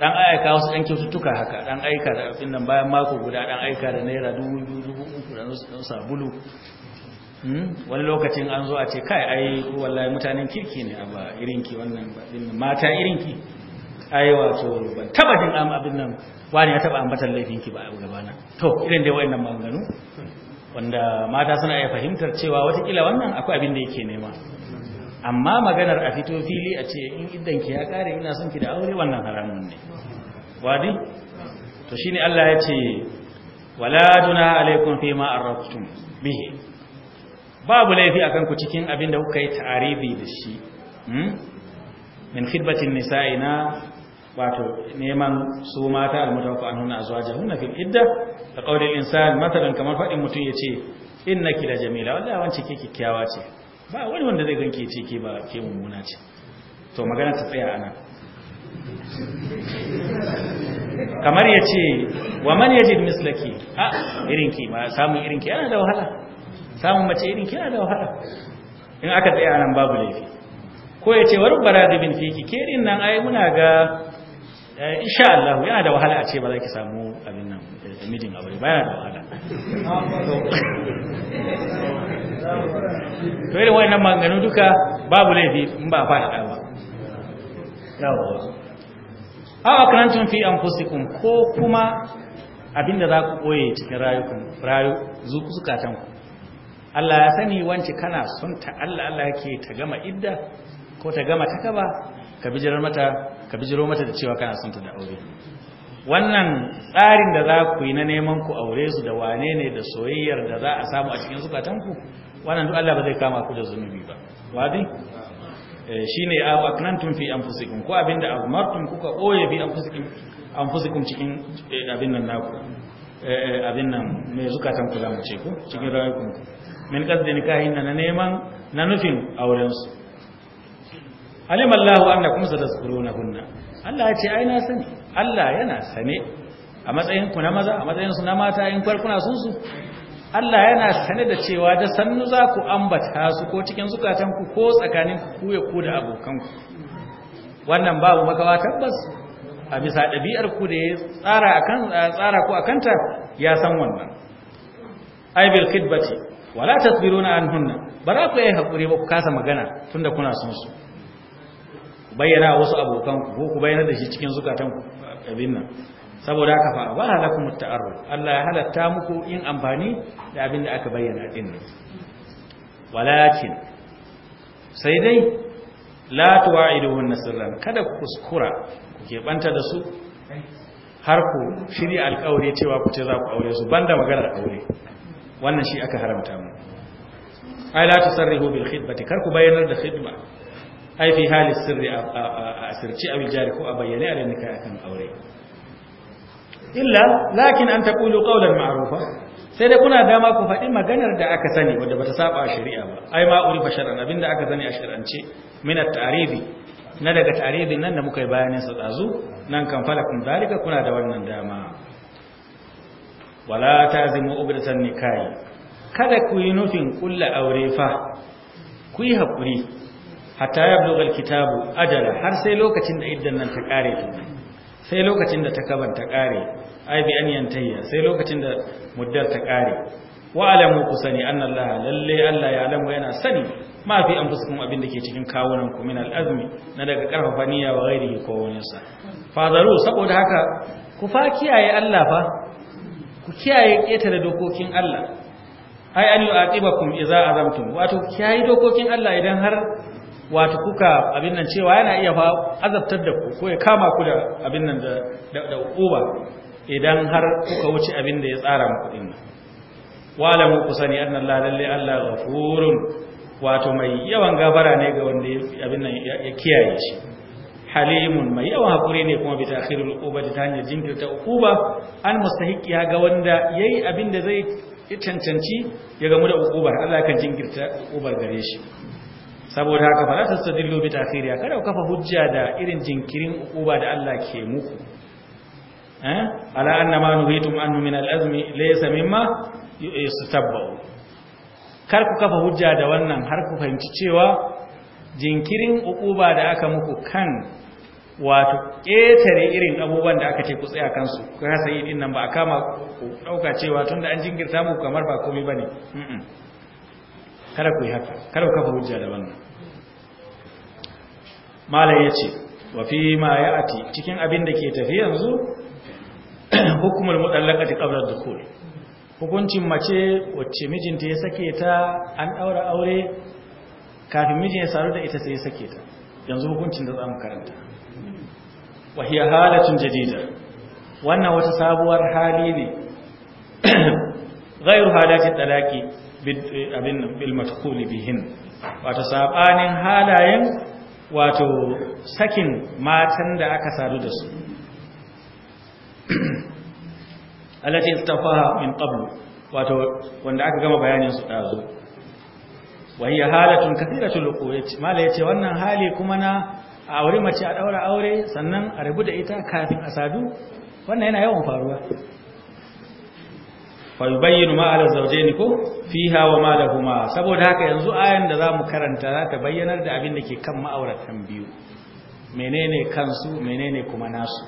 dan aika wasu dan kyaututtuka haka ɗan aika da abin nan bayan mako guda dan aika da naira dubu da sabulu Hmm? wani lokacin an zo a ce kai ai wallahi mutanen kirki ne ba irinki wannan mata irinki ai wato ban taba jin am abin nan wani ya taba ambatar laifinki ba a gaba na. to irin dai wayannan maganganu wanda mata suna iya fahimtar cewa wata kila wannan akwai abin da yake nema amma maganar a fito fili a ce in idan ki ya kare ina son ki da aure wannan haramun ne wadi to shine Allah ya ce wala junaha alaikum fima arrabtum bihi babu laifi akan ku cikin abin da kuka yi ta'aribi da shi hmm? min khidbatin nisa'i na wato neman su mata almutawaffa anhunna na fil idda da qawlil insan matalan kamar fadin mutum yace innaki la jamila wallahi wance ke kikkiawa ce ba wani wanda zai ganke ce ke ba ke mummuna ce to magana ta tsaya anan
kamar yace wa man yajid
mislaki a irinki ba samun irinki yana da wahala samun mace irin kina da wahala in aka a nan babu laifi ko ya ce warin bara bin fiki ke irin nan ai muna ga eh, insha Allah yana da wahala a ce ba za ki samu abin nan eh, mijin aure ba yana da wahala to irin wannan maganganu duka babu laifi in ba faɗaɗa ba yawon a tun fi an fusikun ko kuma abinda za ku ɓoye cikin rayukan rayu ku. Allah ya sani wanci kana son ta Allah Allah yake ta gama idda ko ta gama takaba ka bijirar mata ka bijiro mata da cewa kana son ta da aure wannan tsarin da za ku yi na neman ku aure su da wane ne da soyayyar da za a samu a cikin zukatanku wannan duk Allah ba zai kama ku da zunubi ba wadi eh, shine a aknantum fi anfusikum ko abinda amartum kuka boye fi anfusikum anfusikum cikin eh, abin nan naku eh, abin nan mai zukatanku mu ce ku cikin ku. min qasdi nikahin na neman na nufin aurensu su alim Allah annakum satazkurunahunna Allah ya ce ai na sani Allah yana sane a matsayin ku na maza a matsayin su na mata in farkuna sun su Allah yana sane da cewa da sannu za ku ambata su ko cikin zukatanku ko tsakanin ku ya ku da abokanku wannan babu makawa tabbas a bisa ɗabi'ar ku da ya tsara akan tsara ku akanta ya san wannan aibil kidbati wala tasbiruna anhunna ba za ku yi hakuri ba ku kasa magana tunda kuna son su bayyana wasu abokan ku ko ku bayyana da shi cikin zukatan ku abin nan saboda haka fa ba halakum ta'arruf Allah ya halatta muku in amfani da abin da aka bayyana din nan walakin sai dai la tuwa'iduhun nasran kada ku kuskura ku banta da su har ku shirya alƙawari cewa ku ce za ku aure su banda maganar aure wannan shi aka haramta mu ai la tusarrihu bil khidbati kar ku bayyana da khidba ai fi hali sirri a sirci abin jari ko a bayyane a da nika akan aure illa lakin an taqulu qawlan ma'rufa sai dai kuna dama ku faɗi maganar da aka sani wadda bata saba a shari'a ba ai ma urifa shar'an abinda aka sani a shar'ance min at tarihi na daga ta'rifin nan da muka yi bayanin sa dazu nan kan falakun zalika kuna da wannan dama wala tazimu ubdatan nikahi kada ku yi nufin kulla aure fa ku yi hakuri hatta yablugha alkitabu ajala har sai lokacin da iddan nan ta kare sai lokacin da takaban ta kare ai bi an yantayya sai lokacin da muddar ta kare wa alamu kusani annallaha lalle Allah ya alamu yana sani ma fi anfusikum abin da ke cikin kawunan ku min al'azmi na daga karfafa niyya wa ghairihi ko wani sa fadaru saboda haka ku fa kiyaye Allah fa ku kiyaye ƙetare dokokin Allah ai an yu'aqibakum idza azamtum wato kiyaye dokokin Allah idan har wato kuka abin nan cewa yana iya fa azabtar da ku ko ya kama ku da abin nan da da uba idan har kuka wuce abin da ya tsara muku din wala mu kusani anna Allah lalle Allah ghafurun wato mai yawan gabara ne ga wanda abin nan ya kiyaye shi halimun mai yawan hakuri ne kuma bita akhirul uquba ta hanyar jinkirta uquba an mustahiqi ya ga wanda yayi abin da zai cancanci ya gamu da uquba Allah kan jinkirta uqubar gare shi saboda haka fala tasadillu bi ta'khiriya kada ku kafa hujja da irin jinkirin uquba da Allah ke muku eh ala anna ma nuhitum annu min al-azmi laysa mimma kar ku kafa hujja da wannan har ku fahimci cewa jinkirin uquba da aka muku kan wato ƙetare irin abubuwan da aka ce ku tsaya kansu ku sai yi din nan ba a kama ku ɗauka cewa tun da an jingirta mu kamar ba komai ba ne kada ku yi haka kada ku kafa hujja da wannan malam ya ce wa fi ma ya ati cikin abin da ke tafi yanzu (clears throat) hukumar mutallaqati da dukhul hukuncin mace wacce mijinta ya sake ta an ɗaura aure kafin mijin ya saru da ita sai ya sake ta yanzu hukuncin da mu karanta wa hiya halatun jadida wannan wata sabuwar hali ne (clears throat) gairu halatin talaqi abin bil madkhul bihin wato sabanin halayen wato sakin matan da aka sadu da su (clears throat) allati istafaha min wato wanda aka gama bayanin su dazu wa hiya halatun kathiratul quwwat mala yace wannan hali kuma na a aure mace a ɗaura aure sannan a rabu da ita kafin a sadu wannan yana yawan faruwa fayubayyinu ma ala ne ko fiha wa ma kuma saboda haka yanzu ayan da zamu karanta za ta bayyanar da abin da ke kan ma'auratan biyu menene kansu menene kuma nasu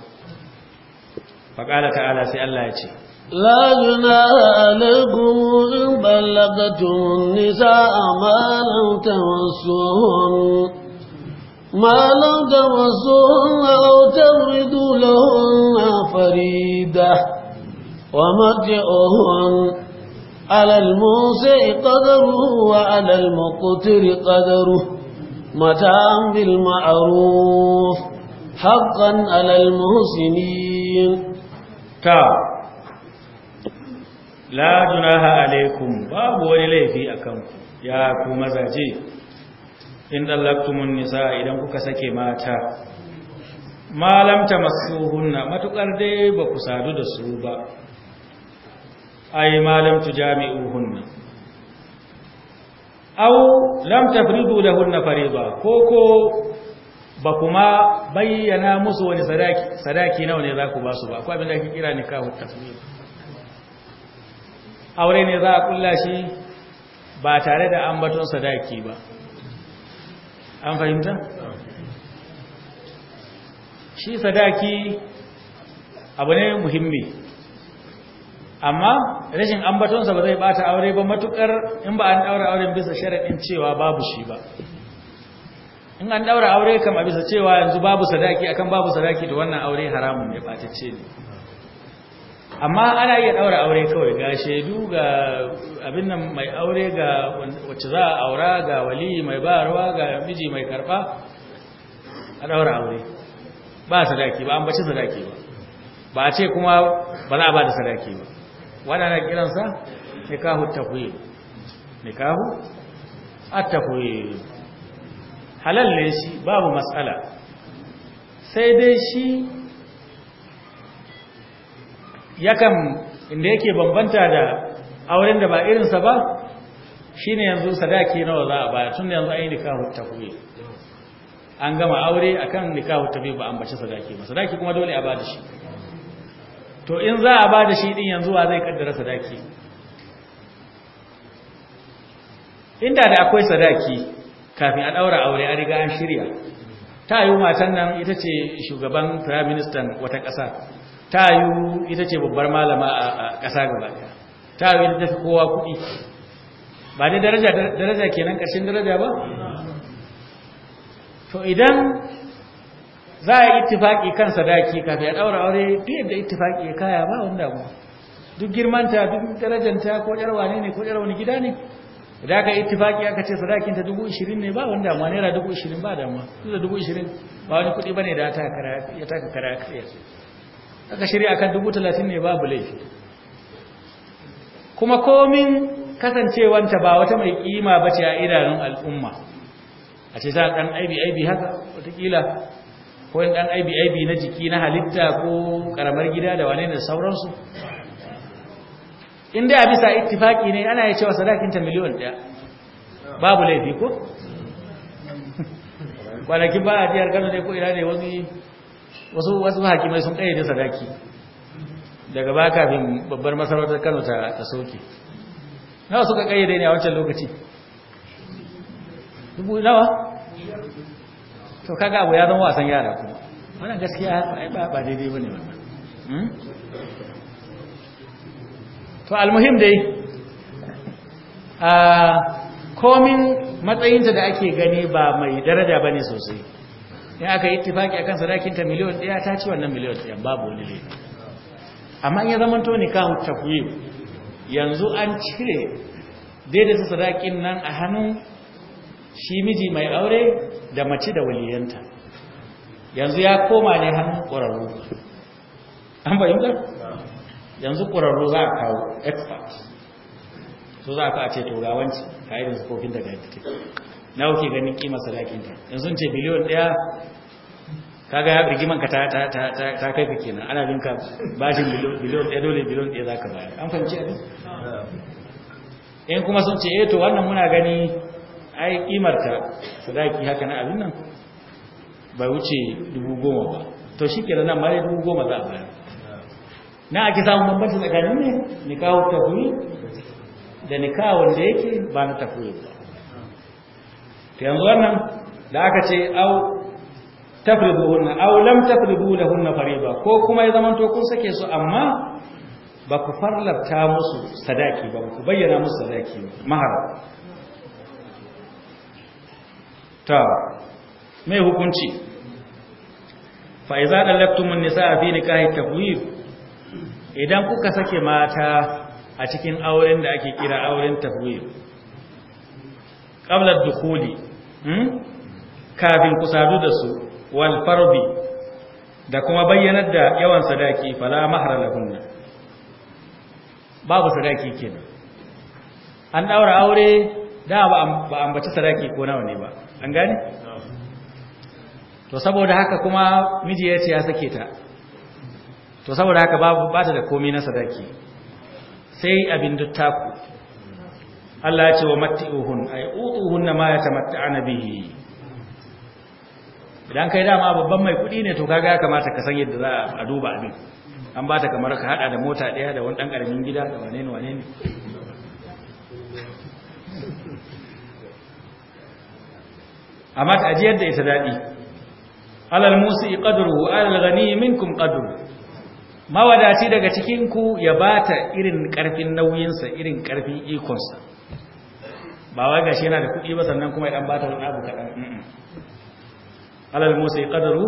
faqala ta'ala sai Allah ya ce
la junaha alaykum in a nisaa ma lam ما لم تمسوهن أو تفردوا لهن فريدة ومتعوهن على الموسع قدره وعلى المقتر قدره متاعا بالمعروف حقا على المحسنين كعب
la junaha alaikum babu wani laifi akan ya ku mazaje in dallaktumun nisa idan kuka sake mata malam ta masuhunna matukar dai ba ku sadu da su ba ai malam jami'uhunna aw lam tafridu lahunna fariida ko ko ba kuma bayyana musu wani sadaki sadaki nawa ne za ku ba su ba Ko abin da kike kira hu aure ne za a ƙulla shi ba tare da ambaton sadaki ba an fahimta shi sadaki abu ne muhimmi amma rashin ambatonsa ba zai bata aure ba matukar in ba an daura auren bisa sharaɗin cewa babu shi ba in an daura aure kama bisa cewa yanzu babu sadaki akan babu sadaki da wannan aure haramun ne batacce ne amma ana iya daura aure kawai ga shaidu ga abin nan mai aure ga wacce za a aura ga wali mai barwa ga miji mai karba a daura aure ba sadaki ba an bace sadaki ba ba a ce kuma ba za a ba da sadaki ba wannan na kiransa nikahu tafwid nikahu at-tafwid halal ne shi babu mas'ala sai dai shi yakan inda yake bambanta da auren da ba irinsa ba shine yanzu sadaki nawa za a baya tun yanzu an yi nikahu tafiye an gama aure akan nikahu tafiye ba an bace sadaki ba sadaki kuma dole a bada shi to in za a bada shi din yanzu wa zai kaddara sadaki inda da akwai sadaki kafin a daura aure a riga an shirya ta yi matan nan ita ce shugaban firaministan wata ƙasa ta yi ita ce babbar malama a ƙasa ga baka. ta yi ita fi kowa kuɗi ba ne daraja kenan ƙarshen daraja ba to idan za a yi ittifaƙi kan sadaki kafin ya ɗaura aure duk yadda ittifaƙi ya kaya ba wanda mu duk girmanta duk darajanta ko ƴar ne ne ko ƴar wani gida ne da aka ittifaki aka ce sadakin ta dubu ishirin ne ba wanda damuwa naira dubu ishirin ba damuwa duk da dubu ishirin ba wani kuɗi ba ne da ya taka kara ya ce aka shirya kan dubu talatin ne babu laifi kuma komin kasancewanta ba wata mai kima ba ce a idanun al'umma a ce za a ɗan aibi-aibi haka watakila ko yin ɗan aibi-aibi na jiki na halitta ko ƙaramar gida da wane da sauransu inda a bisa ittifaki ne ana yi cewa sadakinta miliyon ɗaya babu laifi ko (laughs) kwanakin ba a jiyar gano ne ko ina ne wani wasu wasu hakimai sun ne sadaki daga ba kafin babbar masarautar Kano ta ta soke nawa suka ƙayyade ne a wancan lokaci dubu nawa to kaga abu ya zama wasan yara kuma wannan gaskiya ba ba daidai bane wannan hmm? to almuhim dai a ah, komin matsayinta da ake gani ba mai daraja bane sosai in aka yi ittifaki akan sadakinta miliyon ɗaya ta ci wannan miliyon ɗaya babu wani laifi amma in ya zama to nikahu takwib yanzu an cire daidaita sadakin nan a hannun shi miji mai aure da mace da waliyanta yanzu ya koma ne hannun ƙwararru an fahimta yanzu ƙwararru za a kawo expert su za a ka a ce turawanci ka irin sufofin daga yadda na wuce ganin sadakin ta yanzu ce biliyon ɗaya kaga ya rigiman ka ta kai ka nan ana binka ka bashin biliyon ɗaya dole biliyon ɗaya za ka bayar an fahimci abin in kuma sun ce eh to wannan muna gani ai kimar ta sadaki haka na abin nan bai wuce dubu goma ba to shi kenan nan mai dubu goma za a bayar na ake samun bambanci tsakanin ne ni kawo tafi da ni kawo wanda yake ba na tafi ba to yanzu wannan da aka ce au tafribuhunna au lam tafribu lahunna fariba ko kuma ya zamanto kun sake su amma ba ku farlarta musu sadaki ba ku bayyana musu sadaki mahar ta mai hukunci fa idza dallaktumun nisaa fi nikahi tafwid idan kuka sake mata a cikin auren da ake kira auren tafwid qabla dukhuli Hmm? kafin ku sadu da su wal farbi da kuma bayyanar da yawan sadaki fala mahra lahunna babu sadaki kenan an daura aure da ba ambaci sadaki ko nawa ne ba an gane to saboda haka kuma miji ya ce ya sake ta to saboda haka babu bata da komai na sadaki sai abin ku Allah ya ce wa matti'uhun ay utuhunna ma yatamatta'ana bihi idan kai dama babban mai kudi ne to kaga ya kamata ka san yadda za a duba abin an ba ta kamar ka hada da mota daya da wani dan karamin gida da wane ne wane ne amma ta ajiyar da ita dadi alal musi qadruhu alal ghani minkum qadruhu mawadaci daga cikin ku ya bata ta irin ƙarfin nauyinsa irin karfin ikonsa ba wai gashi yana da kuɗi ba sannan kuma ya dan bata wani abu kaɗan alal musa qadaru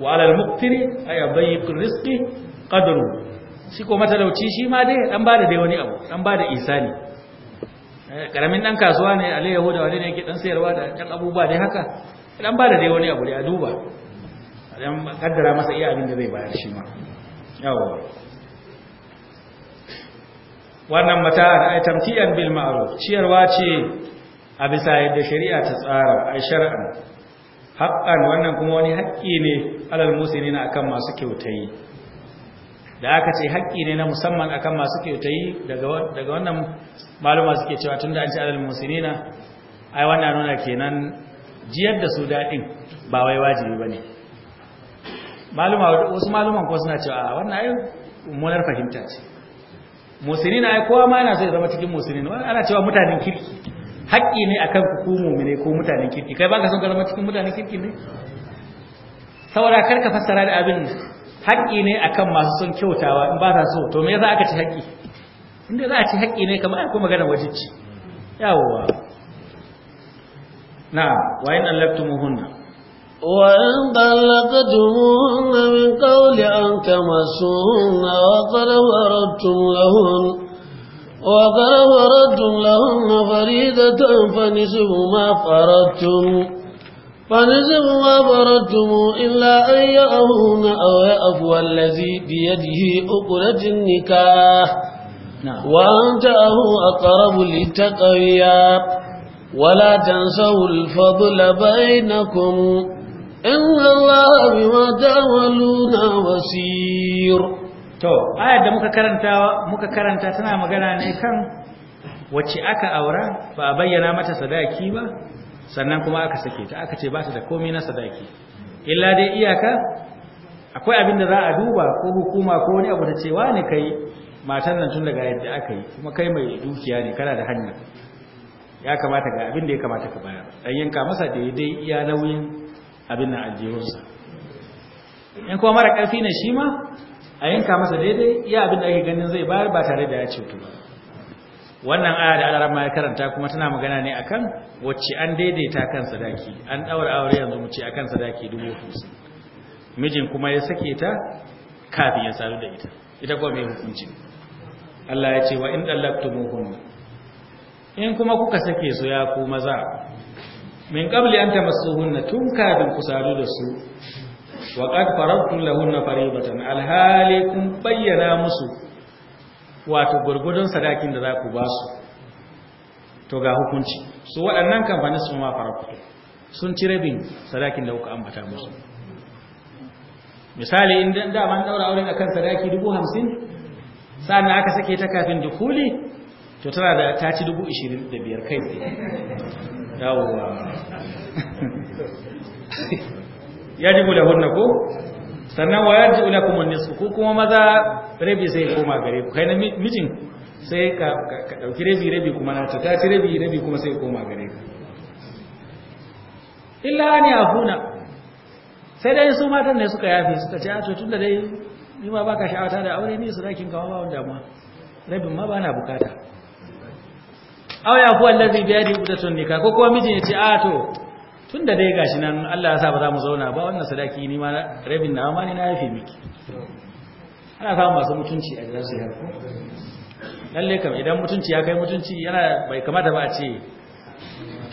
wa alal muqtiri ay yadayyiq rizqi qadaru shi ko matalauci shi ma dai dan bada dai wani abu dan bada isani karamin eh, dan kasuwa ne alai yahuda wani ne yake dan sayarwa da dan abubuwa dai haka dan bada dai wani abu dai a duba dan kaddara masa iya abin da zai bayar shi ma yawa wannan mata a tamkiyan bil ma'ruf ciyarwa ce a bisa yadda shari'a ta tsara a shar'a haqqan wannan kuma wani haƙƙi ne alal muslimina akan masu kyautayi da aka ce haƙƙi ne na musamman akan masu kyautayi daga daga wannan maluma suke cewa tunda an ce alal muslimina ai wannan nuna kenan jiyar da su dadin ba wai wajibi bane maluma wasu maluman ko suna cewa wannan ai munar fahimta ce musulina ai kowa ma yana so ya zama cikin musulina wani ana cewa mutanen kirki haƙƙi ne akan ku mumine ko mutanen kirki kai ba ka son ka zama cikin mutanen kirki ne saboda kar ka fassara da abin haƙƙi ne akan masu son kyautawa in ba ta so to me yasa aka ci haƙƙi inda za a ci haƙƙi ne kamar akwai magana wajibci yawwa na'am wa in allaqtumuhunna wa in
dallaqtumuhunna min تمسوهن وقد لَهُمْ لهن وقد فرضتم لهن فريدة فنسب ما فَرَدْتُمْ فنسب ما فردتم إلا أن يأهون أو يأفو الذي بيده أقرة النكاح نعم. وأن تأهو أقرب للتقوية ولا تنسوا الفضل بينكم inna
Allah bima ta'maluna basir to ayar da muka karanta muka karanta tana magana ne kan wacce aka aura ba a bayyana mata sadaki ba sannan kuma aka sake ta aka ce ba ta da komai na sadaki illa dai iyaka akwai abin da za a duba ko hukuma ko wani abu da cewa ne kai matan nan tun daga yadda aka yi kuma kai mai dukiya ne kana da hanya ya kamata ga abin da ya kamata ka bayar dan yanka masa daidai iya nauyin abin na aljihunsa in kuma mara ƙarfi ne shi ma a yanka masa daidai ya abin da ake ganin zai bayar ba tare da ya ce to wannan aya da alarama ya karanta kuma tana magana ne akan wacce an daidaita kan sadaki an ɗaura aure yanzu mu ce akan sadaki dubu hamsin mijin kuma ya sake ta kafin ya sadu da ita ita kuma mai hukunci Allah ya ce wa in dallaqtumuhunna in kuma kuka sake su ya ku maza min qabli an tamassuhunna tun kafin ku sadu da su wa qad faradtum lahunna faribatan alhali kun bayyana musu wato gurgudun sadakin da za ku ba su to ga hukunci su waɗannan kamfanin su ma farakto sun ci rabin sadakin da kuka ambata musu misali in dan daman daura auren akan sadaki dubu hamsin sa'an aka sake ta kafin dukuli to tana da ta ci dubu ishirin da biyar kai yawwa yajibu hunna ko sannan wa yarji'u lakum an-nisfu ko kuma maza rabi sai koma gare ku kai na mijin sai ka dauki rabi rabi kuma na ta ci rabi rabi kuma sai koma gare ku illa an huna sai dai su matan ne suka yafe suka ce a to tunda dai ni ma baka sha'awata da aure ni su rakin kawo ba wanda ma rabin ma bana bukata aw ya huwa allazi bi yadi uqdatun nikah ko kuma mijin yace a to tunda dai gashi nan Allah ya sa ba za mu zauna ba wannan sadaki ni ma rabin na ma ne na yafe miki ana samu masu mutunci a gidan su yanku lalle kam idan mutunci ya kai mutunci yana bai kamata ba a ce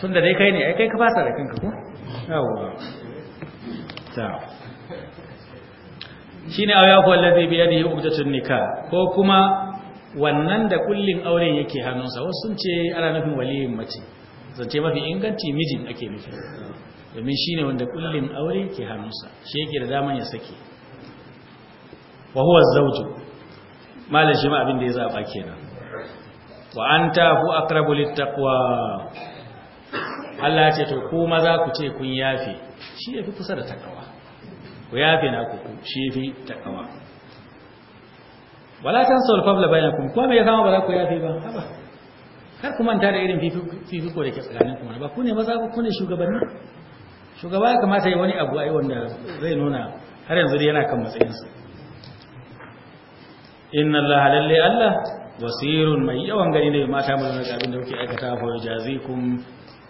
tunda dai kai ne ai kai ka fasa da kanka ko yawa ta shine aw ya huwa allazi bi yadi uqdatun nikah ko kuma wannan da kullin auren yake hannunsa wasu sun ce ana nufin waliyin mace zance mafi inganci mijin ake nufi domin shi ne wanda kullin aure ke hannunsa shi yake da daman ya sake wa huwa malin shi ma abin da ya zaɓa kenan wa an akrabu littaqwa Allah ce to ku maza ku ce kun yafe shi yafi kusa da takawa ku yafe na ku shi yafi takawa wala tansul fadla bainakum ko me ya zama ba za ku yafe ba haba kar ku manta da irin fifiko da ke tsakanin ku ba ku ne maza ku ne shugabanni shugaba ya kamata ya wani abu ai wanda zai nuna har yanzu dai yana kan matsayinsa inna allaha lalle allah wasirun mai yawan gani ne mata mu da abin da kuke aikata fa yajazikum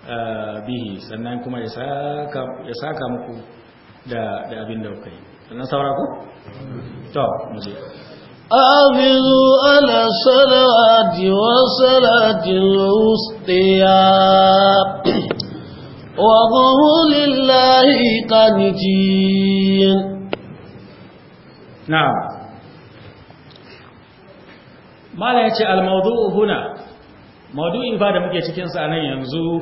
ah, bihi sannan kuma ya saka ya saka muku da da abin da kuke sannan saura ku to mu je
حافظوا على الصلوات وصلاة الوسطى وضعوا لله قنجين
نعم ما لا يتي الموضوع هنا موضوع إفادة مكي تكين أنا ينزو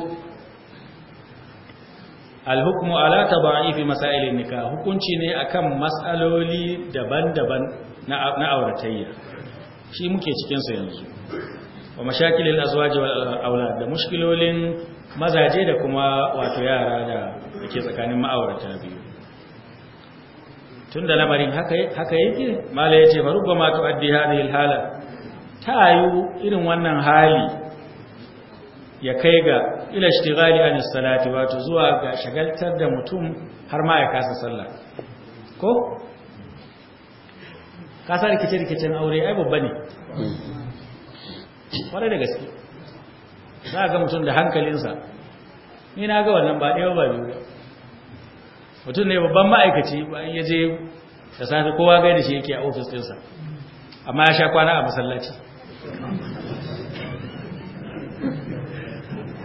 الحكم على تبعي في مسائل nikah حكم ne أكم مسألولي دبان دبان na auratayya shi muke cikinsa yanzu wa mashakilin azwaji wal aulad da mushkilolin mazaje da kuma wato yara da ke tsakanin ma'aurata biyu tunda lamarin haka haka yake mala yace fa rubbama tuaddi hadhihi alhala tayu irin wannan hali ya kai ga ila ishtighali an salati wato zuwa ga shagaltar da mutum har ma ya kasa sallah ko ka sa rikice-rikicen aure ai babba ne kwarai da gaske za a ga mutum da hankalinsa ni na ga wannan ba ɗaya ba biyu mutum ne babban ma'aikaci bayan ya je da safe kowa gai da shi yake a ofis ɗinsa amma ya sha kwana a masallaci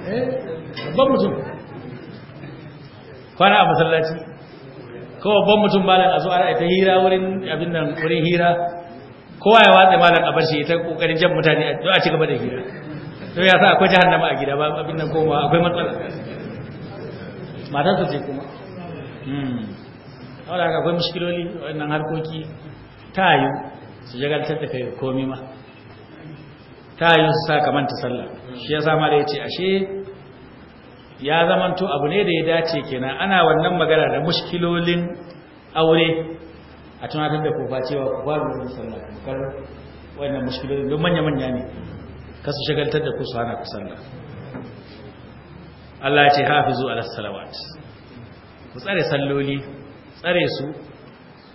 eh, babban mutum
kwana a masallaci kawai babban mutum malam a zo ana ta hira wurin abin nan wurin hira kowa ya watsa malam a bar shi ta kokarin jan mutane a ci gaba da hira to ya sa akwai jahannama a gida ba abin nan koma akwai matsala matarsa ce kuma wadda hmm. haka akwai mushkiloli wannan harkoki ta yi su jagaltar da kai komi ma ta yi su sa kamanta sallah shi ya sama da ya ce ashe ya zamanto abu ne da ya dace kenan ana wannan magana da mushkilolin aure a tunatar da kofa cewa ku fara yin sallah kar wannan mushkilolin don manya manya ne kasu shagaltar da ku su hana ku sallah Allah ya ce hafizu ala salawat ku tsare salloli tsare su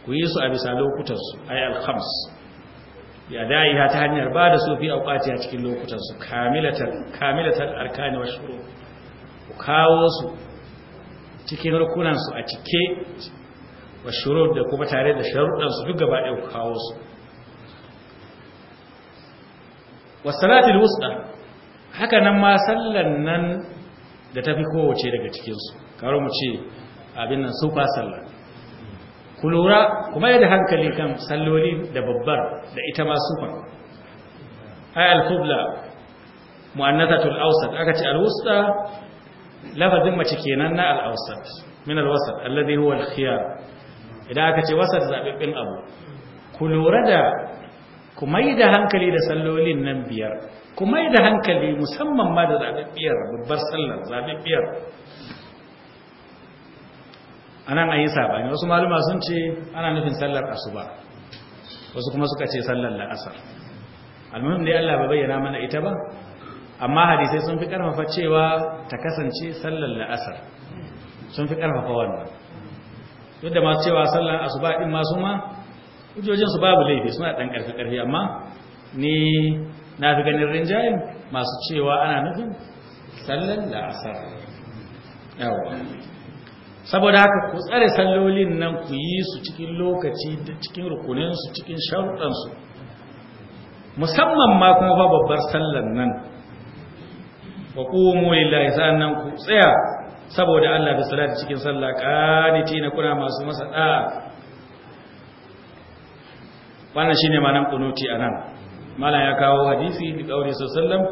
ku yi su a bisa lokutan su ay al khams ya da'iha ta hanyar ba da su fi auqati a cikin lokutan su kamilatan kamilatan arkani wa shuru' ku kawo su cikin rukunansu a cike wa shurur da kuma tare da sharuɗansu duk gaba ɗaya ku kawo su wa salatul wusta haka nan ma sallan nan da tafi kowace daga cikinsu karo mu ce abin nan sufa sallah ku lura kuma yadda hankali kan salloli da babbar da ita ma sufa ay al-qubla mu'annathatul awsat aka ce al-wusta lafazin mace kenan na al-awsat min al-wasat huwa al-khiyar idan aka ce wasat zabibbin abu ku lura da ku mai da hankali da sallolin nan biyar ku mai da hankali musamman ma da zabibbiyar babbar sallar zabibbiyar anan ayi sabani wasu maluma sun ce ana nufin sallar asuba wasu kuma suka ce sallar la'asar almuhim dai Allah ba bayyana mana ita ba amma hadisai sun fi karfafa cewa ta kasance sallar la'asar sun fi karfafa wannan duk da masu cewa sallar asuba din masu ma hujjojinsu babu laifi suna dan karfi karfi amma ni na fi ganin rinjayen masu cewa ana nufin sallar la'asar yawa saboda haka ku tsare sallolin nan ku yi su cikin lokaci da cikin rukuninsu cikin sharuɗansu musamman ma kuma babbar sallar nan fa qumu lillahi nan ku tsaya saboda Allah da salati cikin sallah na kuna masu masa da'a wannan shine ma'anar kunuti anan malam ya kawo hadisi bi qauli sallam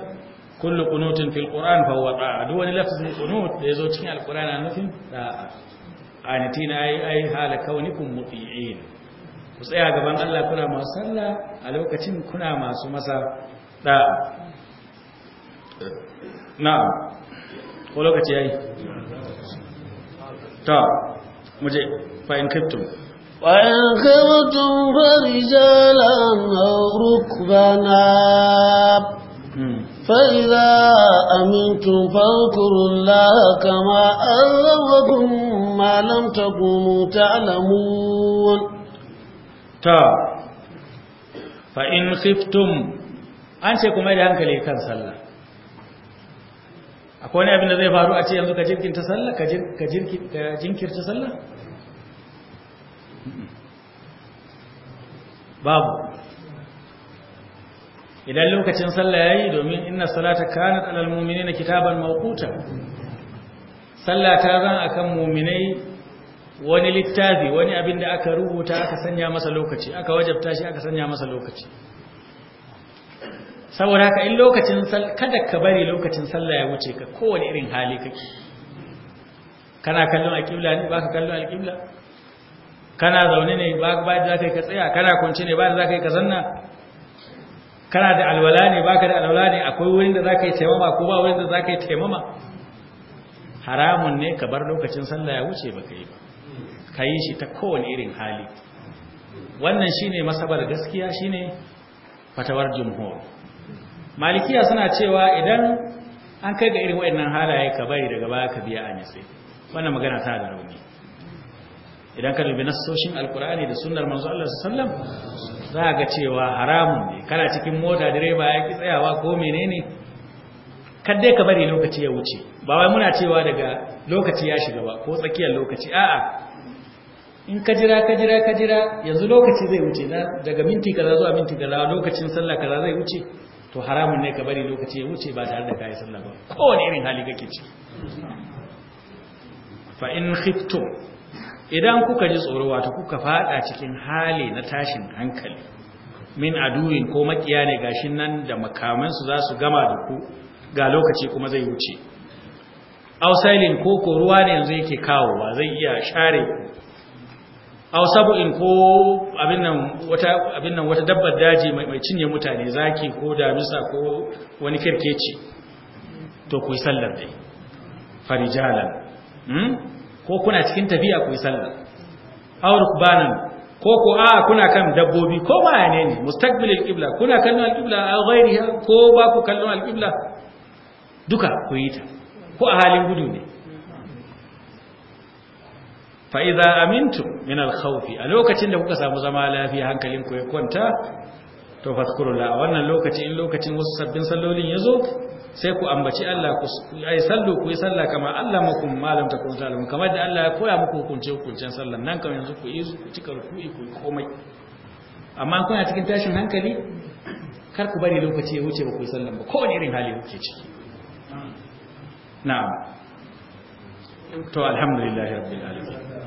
kullu qunutin fil qur'an fa huwa da'a duk wani lafzin qunut da yazo cikin alqur'ani nufin da'a na ai ai hala kaunikum muti'in ku tsaya gaban Allah kuna masu sallah a lokacin kuna masu masa da'a na'am ko lokaci yayi ta muje fa in kaftum
rukbana فإذا أمنتم فاذكروا الله كما أذبكم malam لم تكونوا
ta تا an ce kuma da hankali kan sallah akwai wani abin da zai faru a ce yanzu ka jinkirta sallah ka jinkirta sallah babu idan lokacin sallah ya yi domin inna salata kanat alal na kitaban mawquta sallah ta zan kan mu'minai wani littafi wani abin da aka rubuta aka sanya masa lokaci aka wajabta shi aka sanya masa lokaci saboda haka in lokacin kada ka bari lokacin sallah ya wuce ka kowane irin hali kake kana kallon alƙibla ne baka kallon alƙibla kana zaune ne ba ba da kai ka tsaya kana kwance ne ba da kai ka zanna kana da alwala ne baka da alwala ne akwai wurin da zaka yi taimama ko ba wurin da zaka yi taimama haramun ne ka bar lokacin sallah ya wuce baka yi ba yi shi ta kowane irin hali wannan shine masabar gaskiya shine fatawar jumhur malikiya suna cewa idan an kai ga irin waɗannan halaye ka bari daga baya ka biya a nitsi wannan magana ta da rauni idan ka dubi nassoshin alkur'ani da sunnar manzo Allah sallam za ga cewa haramun ne kana cikin mota direba ya ki tsayawa ko menene kadai ka bari lokaci ya wuce ba wai muna cewa daga lokaci ya shiga ba ko tsakiyar lokaci a'a in ka jira ka jira ka jira yanzu lokaci zai wuce daga minti kaza zuwa minti kaza lokacin sallah kaza zai wuce to haramun ne ka bari lokaci ya wuce ba tare da kayi sallah ba kowane irin hali kake ci fa in khiftu idan kuka ji tsoro wato kuka fada cikin hali na tashin hankali min aduwin ko makiya ne gashin nan da makamansu za su gama da ku ga lokaci kuma zai wuce ausailin ko ko ruwa ne yanzu yake kawo ba zai iya share ku aw in ko abin nan wata dabbar daji mai cinye mutane zaki ko damisa ko wani kirkeci to ku yi sallar dai farijalan hmm? ko kuna cikin tafiya ku yi sallar aw rukbanan ko ko a kuna kan dabbobi ko ba ne ne mustaqbil al kuna kallon al a aw ko ba ku kallon al duka ku yi ta ko a halin gudu ne fa idza amintu min al-khawfi a lokacin da kuka samu zama lafiya hankalin ku ya kwanta to fadhkurullah wannan lokaci in lokacin wasu sabbin sallolin yazo sai ku ambaci Allah ku ai sallu ku yi sallah kamar Allah makum malam takun salamu kamar da Allah ya koya muku hukunci hukuncen sallan nan kamar yanzu ku yi ku cika ruku'i ku komai amma kuna cikin tashin hankali kar ku bari lokaci ya wuce ba ku yi sallan ba kowane irin hali kuke ciki na'am to alhamdulillahi rabbil alamin